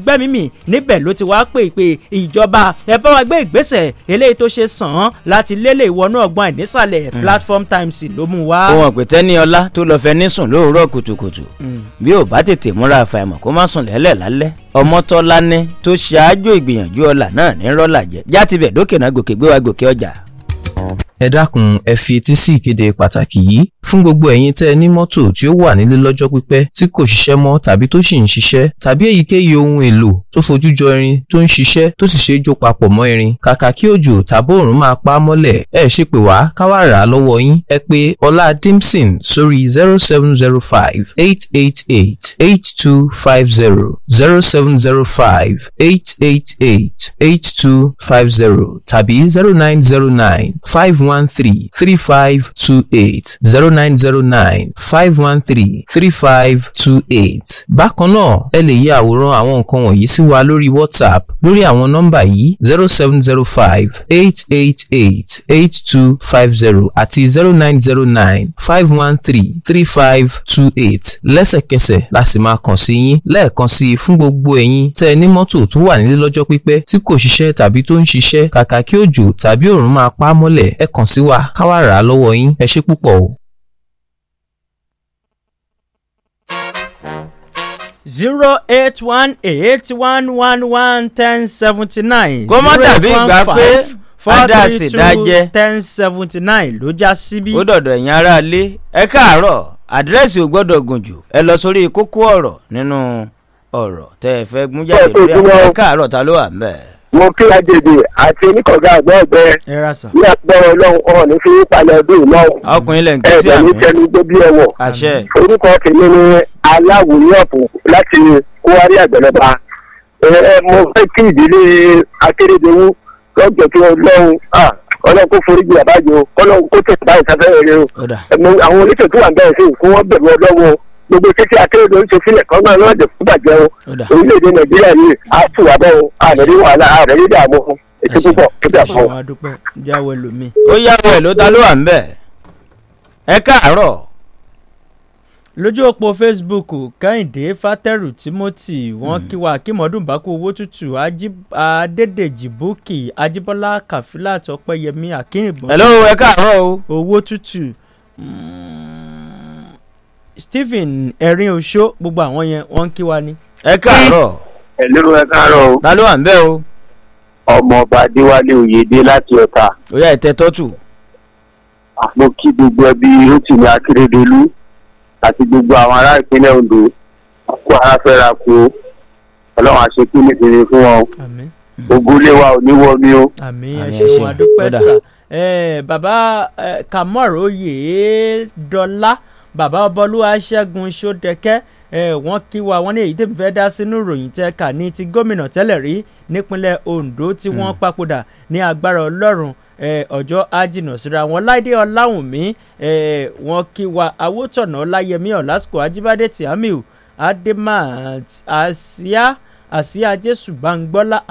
tó ṣe sàn láti lélẹ̀ ìwọnú ọgbọ́n àìnísàlẹ̀ hmm. platform times ló mú wá. ohun ọ̀pẹ̀tẹ́ ní ọlá tó lọ fẹ́ nísùn lóòrọ̀ kùtùkùtù hmm. bí ò bá tètè múra àfàìmọ̀ kó má sùn lẹ́lẹ̀ lálẹ́ ọmọtọ́lá ní tó ṣáájú ìgbìyànjú ọlà náà ní rọ́là jẹ́ dókè náà gòkè gbé gòkè ọjà ẹ dákun ẹ fi etí sí ìkéde pàtàkì yìí fún gbogbo ẹ̀yin tẹ́ ẹ ní mọ́tò tí ó wà nílé lọ́jọ́ pípẹ́ tí kò ṣiṣẹ́ mọ́ tàbí tó sì ń ṣiṣẹ́ tàbí èyíkéyìí ohun èlò tó fojú jọ irin tó ń ṣiṣẹ́ tó sì ṣe é jó papọ̀ mọ́ irin kàkà kí òjò tàbí òòrùn máa pa á mọ́lẹ̀ ẹ ṣe pé wá káwá rà á lọ́wọ́ yín ẹ pè Ọlá Dimson sórí zero seven zero five eight eight eight eight two five zero zero seven zero five eight eight eight eight two five zero tàbí zero nine zero nine five one one three three five two eight zero nine zero nine five one three three five two eight. bákan náà ẹ lè ya àwòrán àwọn nǹkan wọ̀nyí sí wa lórí whatsapp lórí àwọn nọ́mbà yìí zero seven zero five eight eight eight eight two five zero àti zero nine zero nine five one three three five two eight lẹ́sẹ̀kẹsẹ̀ la sì máa kàn sí yín lẹ́ẹ̀kan sí i fún gbogbo ẹ̀yin tẹ́ ẹ ní mọ́tò tó wà nílé lọ́jọ́ pípẹ́ tí kò ṣiṣẹ́ tàbí tó ń ṣiṣẹ́ kàkà kí òjò tàbí òòrùn máa pa á mọ́lẹ̀ ẹ kàn sí wa ká wá rà á lọ́wọ́ yín ẹ ṣé púpọ̀ o. zero eight one eight one one one ten seventy nine. kó má dàbí ìgbà pé adásì dájẹ́ ten seventy nine ló já síbí. ó dọ̀dọ̀ ẹ̀yin aráalé ẹ káàárọ̀ àdírẹ́sì ò gbọ́dọ̀ gùn jù ẹ lọ sórí kókó ọ̀rọ̀ nínú ọ̀rọ̀ tẹ́ ẹ fẹ́ gún jáde lórí àwọn ẹ káàárọ̀ ta ló wà ń bẹ̀ mo kí àjèjì àti oníkọ̀gá àgbẹ̀ ọ̀gbẹ́ ní àpẹẹrẹ ọlọ́run ọ̀hún ní fi palẹ̀ ọdún ìlọ́run ọkùnrin lẹ́ǹkì sí àmì ẹ̀bẹ̀ ní tẹnu gbóbi ẹ̀wọ̀ orúkọ tèmi ni aláwòye ọ̀pọ̀ láti kówárí àgbẹ̀lọ́ba mo fẹ́ kí ìdílé akérèdọ́wù lọ́jọ́ kí ọlọ́run ọlọ́run kó foríjì àbájọ ọlọ́run kó tẹ̀síwájú sáfẹ́ rẹ̀ o àwọn oníṣègùn àgbẹ̀ gbogbo títí akéwìdó ń ṣe sílẹ̀ kọ́ máa náà jẹ́ fún bàjẹ́ o orílẹ̀-èdè nàìjíríà yìí á tù wá bọ́ o àrẹ̀rí wàhálà àrẹ̀rí dààmú ètò púpọ̀ tó dà fún wa. jáwé lomi ó yáwé ló ta ló wà ń bẹ̀ ẹ káàárọ̀. lójú òpó facebook kẹ́hìndé fatẹ́rù timothy wọ́n hmm. kí wa akímọ́dún bá kú owó tútù adédèjì búkì ajíbọ́lá kàfílà tọpẹ́yẹmí akínrìnbọn. hello ẹ káàárọ̀ o. owó tútù. Hmm stephen erin oṣó gbogbo àwọn yẹn wọ́n ń kí wa ni. ẹ káàárọ̀. ẹ̀lú ẹ káàárọ̀ o. ta ló wà ń bẹ̀ o. ọmọọba adéwálé oyèdè láti ọ̀tà. ó yá ìtẹ́ tọ́tù. Ah, mo kí gbogbo ẹbí rotimi akérèdọ́lù àti gbogbo àwọn ará ìpínlẹ̀ ondo kó ara fẹ́ra kó ọlọ́run àṣekú nìkiri fún wọn. ògúnlé wa ò ní wọ mi o. àmín ẹ ṣeun àdúpẹ́ sà bàbá kamar oyè dọ́là bàbá ọbọlúwa ṣẹ́gun ṣódẹkẹ́ wọ́n kí wa wọ́n ní èyí tèmi fẹ́ dá sínú ìròyìn tẹ́ ní ti gómìnà tẹ́lẹ̀ rí nípínlẹ̀ Ondo tí hmm. wọ́n papòdà ní agbára Ọlọ́run ọjọ́ ajínà síra wọn láìdé ọláwùnmí wọ́n kí wa awótọ̀nà ọláyẹmí ọ̀lásìkò ajíbádé tìámíù adémat àsíá àsíá jésù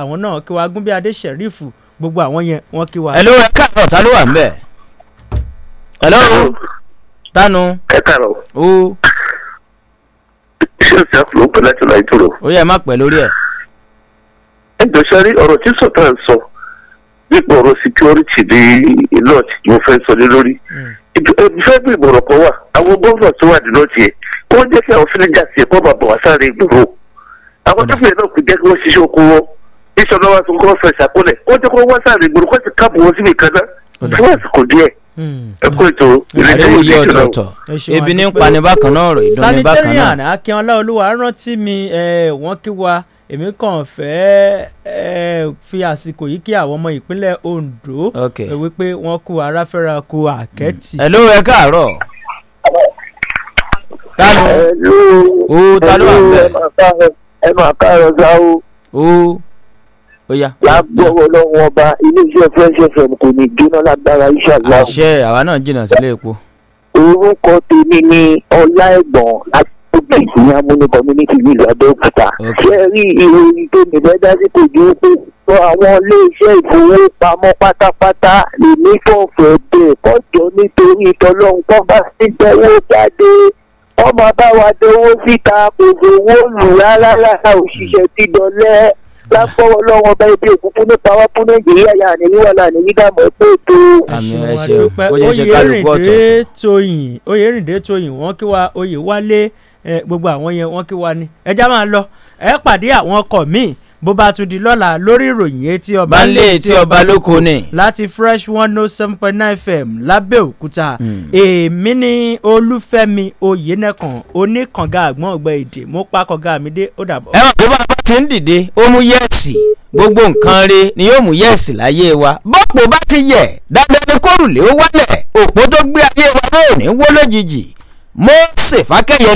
àwọn náà kí wa gúnbí adé sẹ̀rífù gbogbo àwọn yẹn wọ́n kí wa. ẹ ló wẹ káàárọ̀ ta ló wà ń bẹ̀. ẹ lọ́rùn tanu. ẹ kàrọ. o. iṣẹ́ ìṣàkùn ló ń pè láti láì dúró. ó yẹ má pẹ́ lórí ẹ̀. ẹ jọ sáré ọ̀rọ̀ tí sọ̀tà ń sọ nípa ọ̀rọ̀ security ní north mo fẹ́ sọ ní lórí. Hmm. ìfẹ́ bí ìmọ̀ràn kan wà àwọn gómìnà tó wà ní north yẹn kó jẹ́ kí àwọn fílẹ̀jà sí ẹ̀kọ́ bàbá wà sáré ìgbòho. àwọn tó fìyà náà kò jẹ́ kí wọ́n ṣiṣẹ́ oko wọn. iṣan náà wá sọ kó fẹ́ ṣàkólẹ̀ kó jẹ́ kó wọ́n sáré ìgbòho kó ti káàbù wọn síbi kan náà. fún àsìkò díẹ̀ ẹ ètò ìrètí ọ̀tọ̀ọ̀tọ̀ ebi ní pani bákan náà rẹ̀ ìdánwò bákan náà. sanitarian akínọlá rántí mi wọ́n kí wa èmi kàn fẹ́ fi àsìkò yìí kí àwọn ọmọ ìpínlẹ̀ Ondo wípé wọ́n kú aráfẹ́ra kú àkẹ́tì. ẹ ló ẹ káàárọ̀ tánu ó tánu àgbẹ̀. ẹ máa káàárọ̀ sáà lágbọ́rọ̀ lọ́wọ́ ọba iléeṣẹ́ fresh fm kò ní jóná lágbára iṣẹ́ àgbà. àṣẹ àwa náà jìnnà sílé epo. orúkọ tèmi ni ọlá ẹ̀gbọ́n lágbègbè ní amúni community nílùú abẹ́òkúta. ṣé rí ìròyìn tó ní bẹ́ẹ̀ dá sí kò pé sọ àwọn iléeṣẹ́ ìfowópamọ́ pátápátá lèmi kàn fẹ́ bẹ́ẹ̀ kọ́jọ́ nítorí tọlọ́run kọ́ bá sí gbẹ́wó jáde wọ́n máa bá wa dowó síta kò dowó lù rárá rárá òṣìṣẹ́ ti dọ̀lẹ́ láfọwọ́ lọ́wọ́ bá ibi òkúkú nípa wá fún nàìjíríà yà ní wíwà là ní yídàmọ́ pé ètò. àmì ẹ ṣe o jẹ ṣe kálukú ọ̀tọ̀. oyèrìndé tóyìn wọn kí wa oyè wálé gbogbo àwọn yẹn wọn kí wa ni ẹjá máa lọ ẹ pàdé àwọn ọkọ míì bó bá tún di lọ́la lórí ìròyìn etí ọba lé etí ọba lóko ni. láti fresh one oh seven point nine fm lábẹ́òkúta hmm. èmi ni olúfẹ́mi oyènẹ́kan oníkànga àgbọ̀n ọgbẹ́ èdè mo pa kànga mi dé ó dàbọ̀. ẹ̀wọ̀n tó bá bá ti ń dìde ó mú yẹ́ẹ̀sì gbogbo nǹkan re ni yóò mú yẹ́ẹ̀sì láyé wa bọ́pọ̀ bá ti yẹ̀ dáadáa ni kórùlé ó wálẹ̀ òpó tó gbé ayé wa náà ní wó lójijì mọ́ọ̀sì fákẹ́yẹ